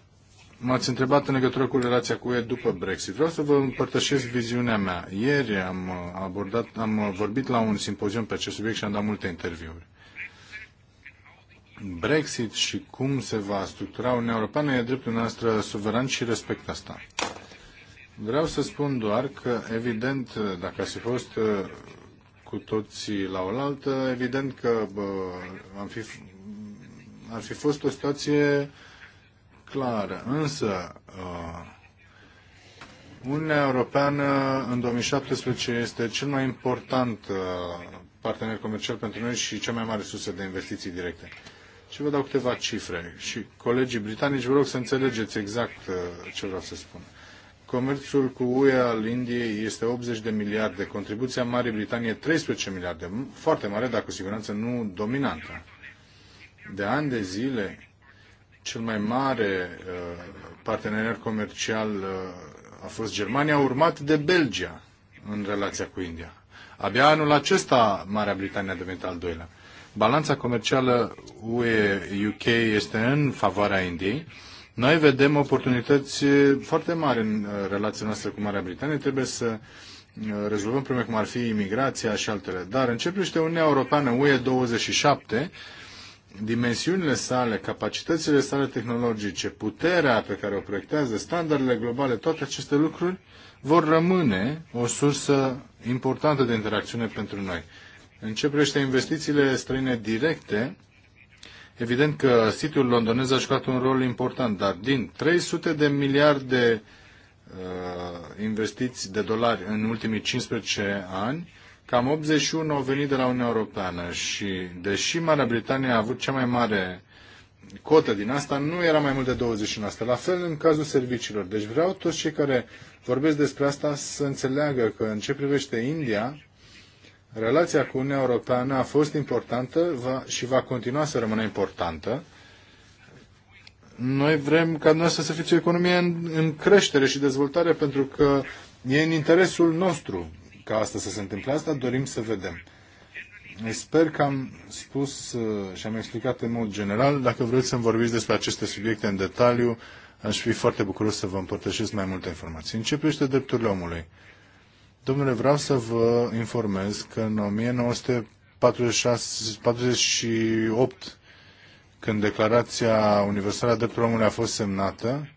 M-ați întrebat în legătură cu relația cu UE după Brexit. Vreau să vă împărtășesc viziunea mea. Ieri am, abordat, am vorbit la un simpozion pe acest subiect și am dat multe interviuri. Brexit și cum se va structura Uniunea Europeană e dreptul noastră suveran și respect asta. Vreau să spun doar că, evident, dacă ați fost uh, cu toții la oaltă, evident că bă, am fi, ar fi fost o situație clară, însă uh, Uniunea Europeană în 2017 este cel mai important uh, partener comercial pentru noi și cea mai mare sursă de investiții directe. Și vă dau câteva cifre. Și colegii britanici, vă rog să înțelegeți exact uh, ce vreau să spun. Comerțul cu UE al Indiei este 80 de miliarde, contribuția Marii Britanie 13 miliarde, foarte mare, dar cu siguranță nu dominantă. De ani de zile, cel mai mare uh, partener comercial uh, a fost Germania, urmat de Belgia în relația cu India. Abia anul acesta Marea Britanie a devenit al doilea. Balanța comercială UE-UK este în favoarea Indiei. Noi vedem oportunități foarte mari în uh, relația noastră cu Marea Britanie. Trebuie să rezolvăm probleme cum ar fi imigrația și altele. Dar în ce Uniunea Europeană UE 27, dimensiunile sale, capacitățile sale tehnologice, puterea pe care o proiectează, standardele globale, toate aceste lucruri vor rămâne o sursă importantă de interacțiune pentru noi. În ce privește investițiile străine directe, evident că sitiul londonez a jucat un rol important, dar din 300 de miliarde uh, investiți de dolari în ultimii 15 ani, cam 81 au venit de la Uniunea Europeană și deși Marea Britanie a avut cea mai mare cotă din asta, nu era mai mult de 21%. La fel în cazul serviciilor. Deci vreau toți cei care vorbesc despre asta să înțeleagă că în ce privește India, relația cu Uniunea Europeană a fost importantă și va continua să rămână importantă. Noi vrem ca noastră să fiți o economie în creștere și dezvoltare pentru că e în interesul nostru ca asta să se întâmple asta, dorim să vedem. Sper că am spus uh, și am explicat în mod general. Dacă vreți să-mi vorbiți despre aceste subiecte în detaliu, aș fi foarte bucuros să vă împărtășesc mai multe informații. Începește drepturile omului. Domnule, vreau să vă informez că în 1948, când Declarația Universală a Drepturilor Omului a fost semnată,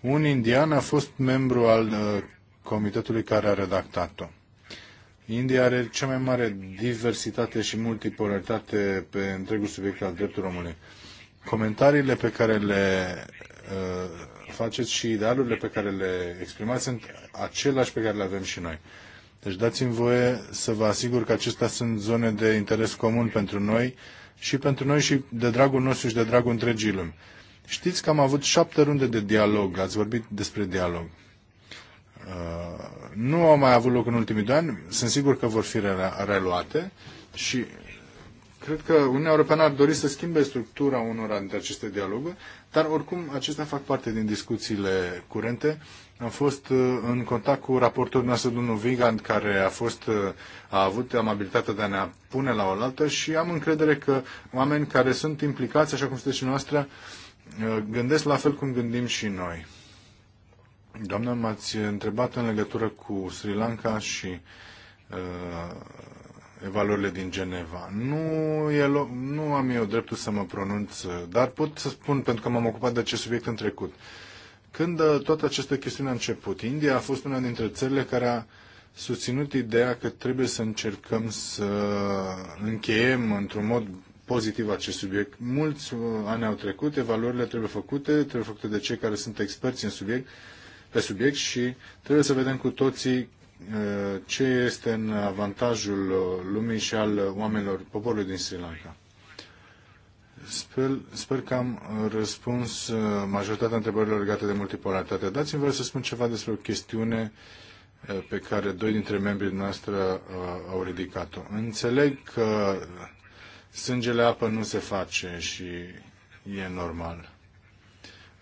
un indian a fost membru al uh, comitetului care a redactat-o. India are cea mai mare diversitate și multipolaritate pe întregul subiect al drepturilor omului. Comentariile pe care le uh, faceți și idealurile pe care le exprimați sunt aceleași pe care le avem și noi. Deci dați-mi voie să vă asigur că acestea sunt zone de interes comun pentru noi și pentru noi și de dragul nostru și de dragul întregii lumi. Știți că am avut șapte runde de dialog, ați vorbit despre dialog nu au mai avut loc în ultimii doi ani, sunt sigur că vor fi reluate și cred că Uniunea Europeană ar dori să schimbe structura unora dintre aceste dialoguri, dar oricum acestea fac parte din discuțiile curente. Am fost uh, în contact cu raportorul nostru, domnul Vigand, care a, fost, uh, a avut amabilitatea de a ne pune la oaltă și am încredere că oameni care sunt implicați, așa cum sunteți și noastră, uh, gândesc la fel cum gândim și noi. Doamnă, m-ați întrebat în legătură cu Sri Lanka și uh, evaluările din Geneva. Nu, e nu am eu dreptul să mă pronunț, dar pot să spun, pentru că m-am ocupat de acest subiect în trecut. Când uh, toată această chestiune a început, India a fost una dintre țările care a susținut ideea că trebuie să încercăm să încheiem într-un mod pozitiv acest subiect. Mulți uh, ani au trecut, evaluările trebuie făcute, trebuie făcute de cei care sunt experți în subiect pe subiect și trebuie să vedem cu toții uh, ce este în avantajul uh, lumii și al uh, oamenilor, poporului din Sri Lanka. Sper, sper că am răspuns majoritatea întrebărilor legate de multipolaritate. Dați-mi vreau să spun ceva despre o chestiune pe care doi dintre membrii noastre au ridicat-o. Înțeleg că sângele apă nu se face și e normal.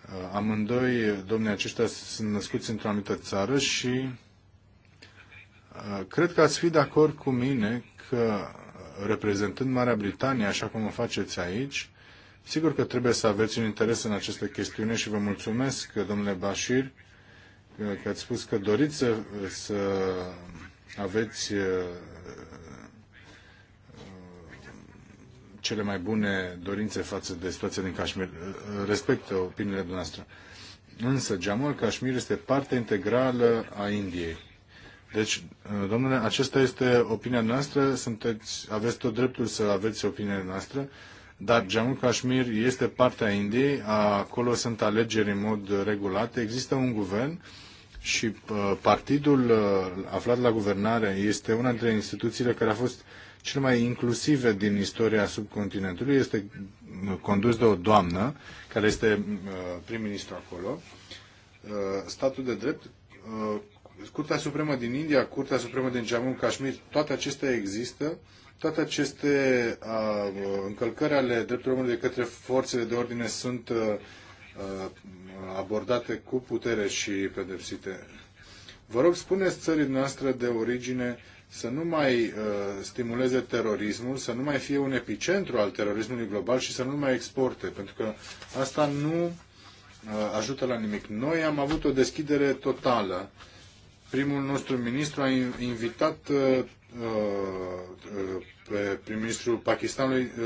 Uh, amândoi domnii aceștia sunt născuți într-o anumită țară și uh, cred că ați fi de acord cu mine că uh, reprezentând Marea Britanie, așa cum o faceți aici, sigur că trebuie să aveți un interes în aceste chestiune și vă mulțumesc, domnule Bashir, că ați spus că doriți să, să aveți cele mai bune dorințe față de situația din Kashmir. Respectă opiniile dumneavoastră. Însă, și Kashmir este parte integrală a Indiei. Deci, domnule, acesta este opinia noastră, sunteți, aveți tot dreptul să aveți opinia noastră, dar Jammu Kashmir este partea Indiei, acolo sunt alegeri în mod regulat, există un guvern și uh, partidul uh, aflat la guvernare este una dintre instituțiile care a fost cele mai inclusive din istoria subcontinentului. Este condus de o doamnă, care este uh, prim-ministru acolo. Uh, statul de drept, uh, Curtea Supremă din India, Curtea Supremă din Jammu Kashmir, toate acestea există. Toate aceste încălcări ale drepturilor omului de către forțele de ordine sunt abordate cu putere și pedepsite. Vă rog, spuneți țării noastre de origine să nu mai uh, stimuleze terorismul, să nu mai fie un epicentru al terorismului global și să nu mai exporte, pentru că asta nu uh, ajută la nimic. Noi am avut o deschidere totală. Primul nostru ministru a invitat uh, uh, pe prim-ministrul Pakistanului uh,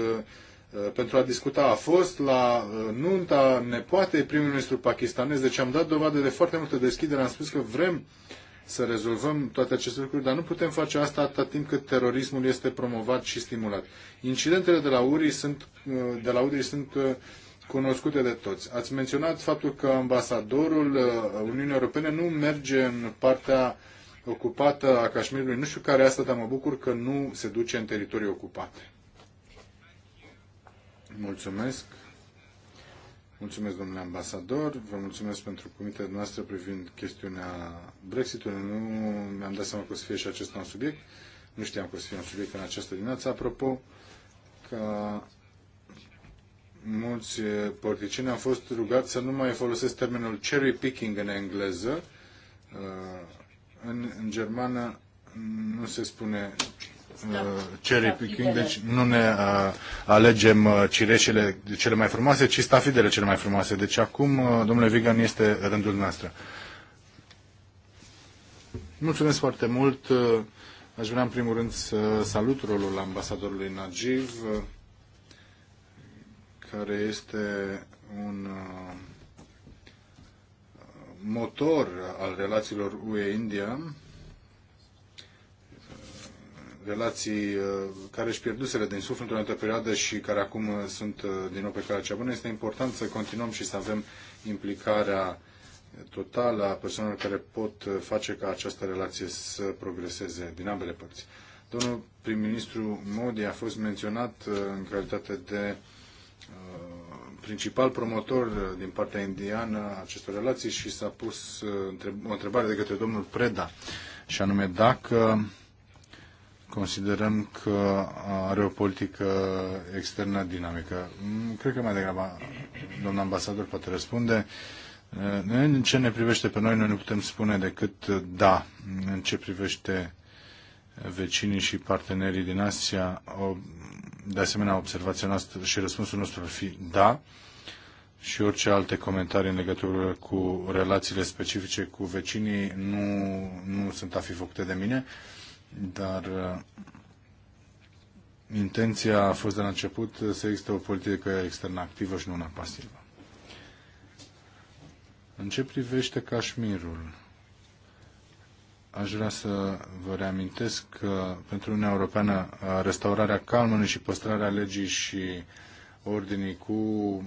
uh, pentru a discuta. A fost la nunta nepoatei prim-ministrul pakistanez, deci am dat dovadă de foarte multă deschidere. Am spus că vrem uh, să rezolvăm toate aceste lucruri, dar nu putem face asta atâta timp cât terorismul este promovat și stimulat. Incidentele de la URI sunt, uh, de la URI sunt uh, cunoscute de toți. Ați menționat faptul că ambasadorul uh, Uniunii Europene nu merge în partea ocupată a Cașmirului. Nu știu care asta, dar mă bucur că nu se duce în teritorii ocupate. Mulțumesc. Mulțumesc, domnule ambasador, vă mulțumesc pentru cuvintele noastre privind chestiunea Brexitului. Nu mi-am dat seama că o să fie și acesta un subiect. Nu știam că o să fie un subiect în această dimineață. Apropo, că mulți eh, politicieni au fost rugați să nu mai folosesc termenul cherry picking în engleză. Eh, în, în germană nu se spune da. Uh, cherry da, picking, deci nu ne uh, alegem uh, cireșele cele mai frumoase, ci stafidele cele mai frumoase. Deci acum, domnule Vigan, este rândul noastră. Mulțumesc foarte mult. Aș vrea în primul rând să salut rolul ambasadorului Najiv, care este un motor al relațiilor UE-India relații uh, care își pierduseră din suflet într-o anumită perioadă și care acum uh, sunt uh, din nou pe calea cea bună, este important să continuăm și să avem implicarea totală a persoanelor care pot face ca această relație să progreseze din ambele părți. Domnul prim-ministru Modi a fost menționat în calitate de principal promotor din partea indiană a acestor relații și s-a pus o întrebare de către domnul Preda, și anume dacă considerăm că are o politică externă dinamică. Mm, cred că mai degrabă domnul ambasador poate răspunde. Mm, în ce ne privește pe noi, noi nu putem spune decât da. Mm, în ce privește vecinii și partenerii din Asia, de asemenea, observația noastră și răspunsul nostru ar fi da și orice alte comentarii în legătură cu relațiile specifice cu vecinii nu, nu sunt a fi făcute de mine dar uh, intenția a fost de la început să existe o politică externă activă și nu una pasivă. În ce privește Cașmirul, aș vrea să vă reamintesc că pentru Uniunea Europeană uh, restaurarea calmului și păstrarea legii și ordinii cu uh,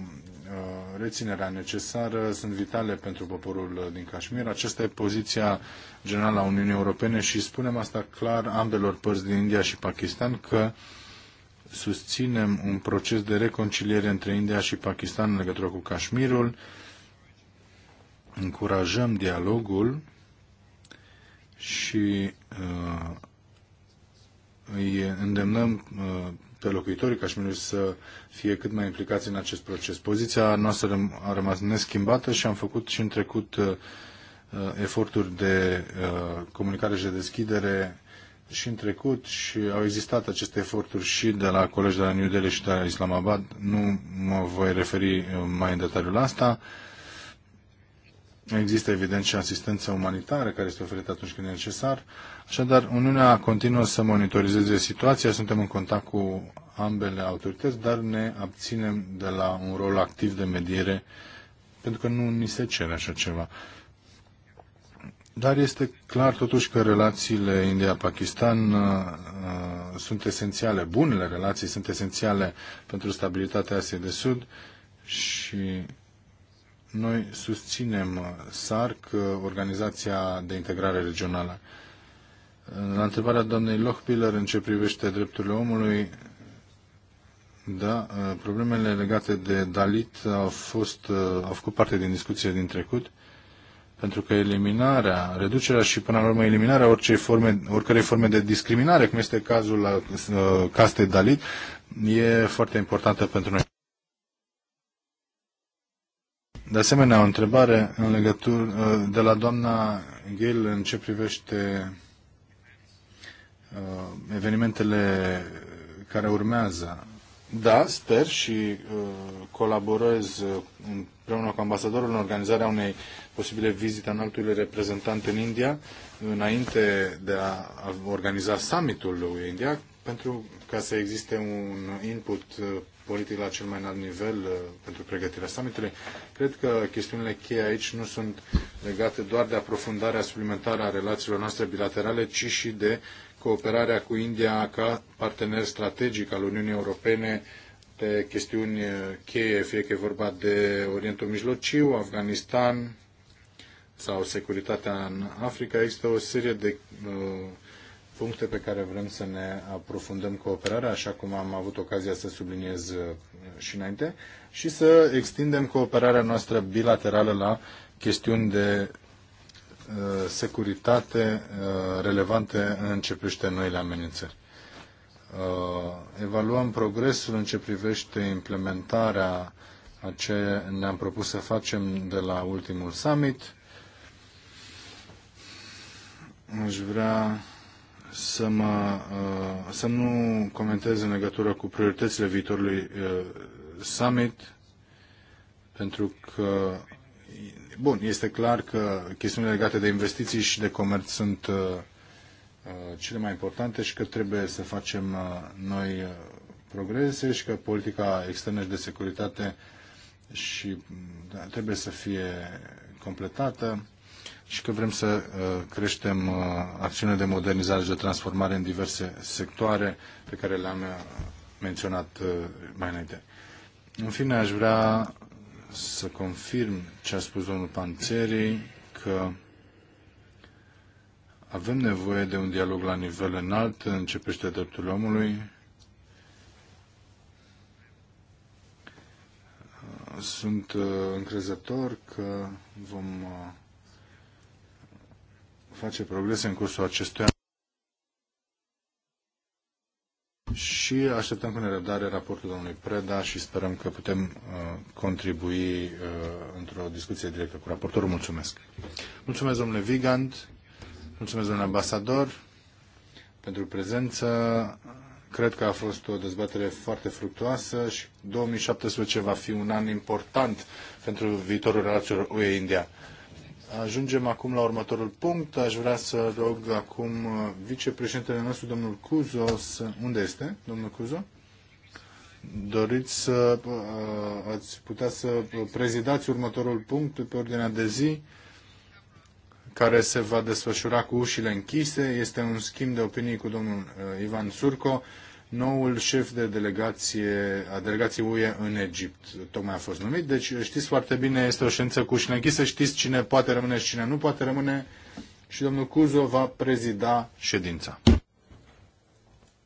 reținerea necesară sunt vitale pentru poporul din Kashmir. Aceasta e poziția generală a Uniunii Europene și spunem asta clar ambelor părți din India și Pakistan că susținem un proces de reconciliere între India și Pakistan în legătură cu Kashmirul, încurajăm dialogul și uh, îi îndemnăm uh, pe locuitorii Cașmirului să fie cât mai implicați în acest proces. Poziția noastră a rămas neschimbată și am făcut și în trecut uh, uh, eforturi de uh, comunicare și de deschidere și în trecut și au existat aceste eforturi și de la colegi de la New Delhi și de la Islamabad. Nu mă voi referi mai în detaliu la asta. Există, evident, și asistență umanitară care este oferită atunci când e necesar. Așadar, Uniunea continuă să monitorizeze situația. Suntem în contact cu ambele autorități, dar ne abținem de la un rol activ de mediere, pentru că nu ni se cere așa ceva. Dar este clar totuși că relațiile India-Pakistan uh, uh sunt esențiale, bunele relații sunt esențiale pentru stabilitatea Asiei de Sud și noi susținem SARC, Organizația de Integrare Regională. La întrebarea doamnei Lochpiller în ce privește drepturile omului, da, problemele legate de Dalit au, fost, au făcut parte din discuție din trecut, pentru că eliminarea, reducerea și până la urmă eliminarea orice forme, oricărei forme de discriminare, cum este cazul la uh, caste Dalit, e foarte importantă pentru noi. De asemenea, o întrebare în legătură de la doamna Gil în ce privește uh, evenimentele care urmează. Da, sper și uh, colaborez uh, împreună cu ambasadorul în organizarea unei posibile vizite în altului reprezentant în India, înainte de a organiza summitul lui India, pentru ca să existe un input uh, politic la cel mai înalt nivel uh, pentru pregătirea summitului. Cred că chestiunile cheie aici nu sunt legate doar de aprofundarea suplimentară a relațiilor noastre bilaterale, ci și de cooperarea cu India ca partener strategic al Uniunii Europene pe chestiuni uh, cheie, fie că e vorba de Orientul Mijlociu, Afganistan sau securitatea în Africa. Există o serie de uh, puncte pe care vrem să ne aprofundăm cooperarea, așa cum am avut ocazia să subliniez uh, și înainte, și să extindem cooperarea noastră bilaterală la chestiuni de uh, securitate uh, relevante în ce privește noile amenințări. Uh, evaluăm progresul în ce privește implementarea a ce ne-am propus să facem de la ultimul summit. Aș vrea să, mă, uh, să nu comentez în legătură cu prioritățile viitorului uh, summit, pentru că, bun, este clar că chestiunile legate de investiții și de comerț sunt uh, cele mai importante și că trebuie să facem noi progrese și că politica externă și de securitate și da, trebuie să fie completată și că vrem să uh, creștem uh, acțiunile de modernizare și de transformare în diverse sectoare pe care le-am uh, menționat mai înainte. În fine, aș vrea să confirm ce a spus domnul Panțeri, că avem nevoie de un dialog la nivel înalt, începește dreptul omului. Sunt încrezător că vom face progrese în cursul acestui an. Și așteptăm cu nerăbdare raportul domnului Preda și sperăm că putem uh, contribui uh, într-o discuție directă cu raportorul. Mulțumesc. Mulțumesc, domnule Vigand. Mulțumesc, domnule ambasador, pentru prezență. Cred că a fost o dezbatere foarte fructuoasă și 2017 va fi un an important pentru viitorul relațiilor UE-India. Ajungem acum la următorul punct. Aș vrea să rog acum uh, vicepreședintele nostru, domnul Cuzo, să... unde este, domnul Cuzo? Doriți să uh, ați putea să prezidați următorul punct pe ordinea de zi care se va desfășura cu ușile închise. Este un schimb de opinii cu domnul uh, Ivan Surco, noul șef de delegație, a delegației UE în Egipt. Tocmai a fost numit, deci știți foarte bine, este o ședință cu ușile închisă, știți cine poate rămâne și cine nu poate rămâne și domnul Cuzo va prezida ședința.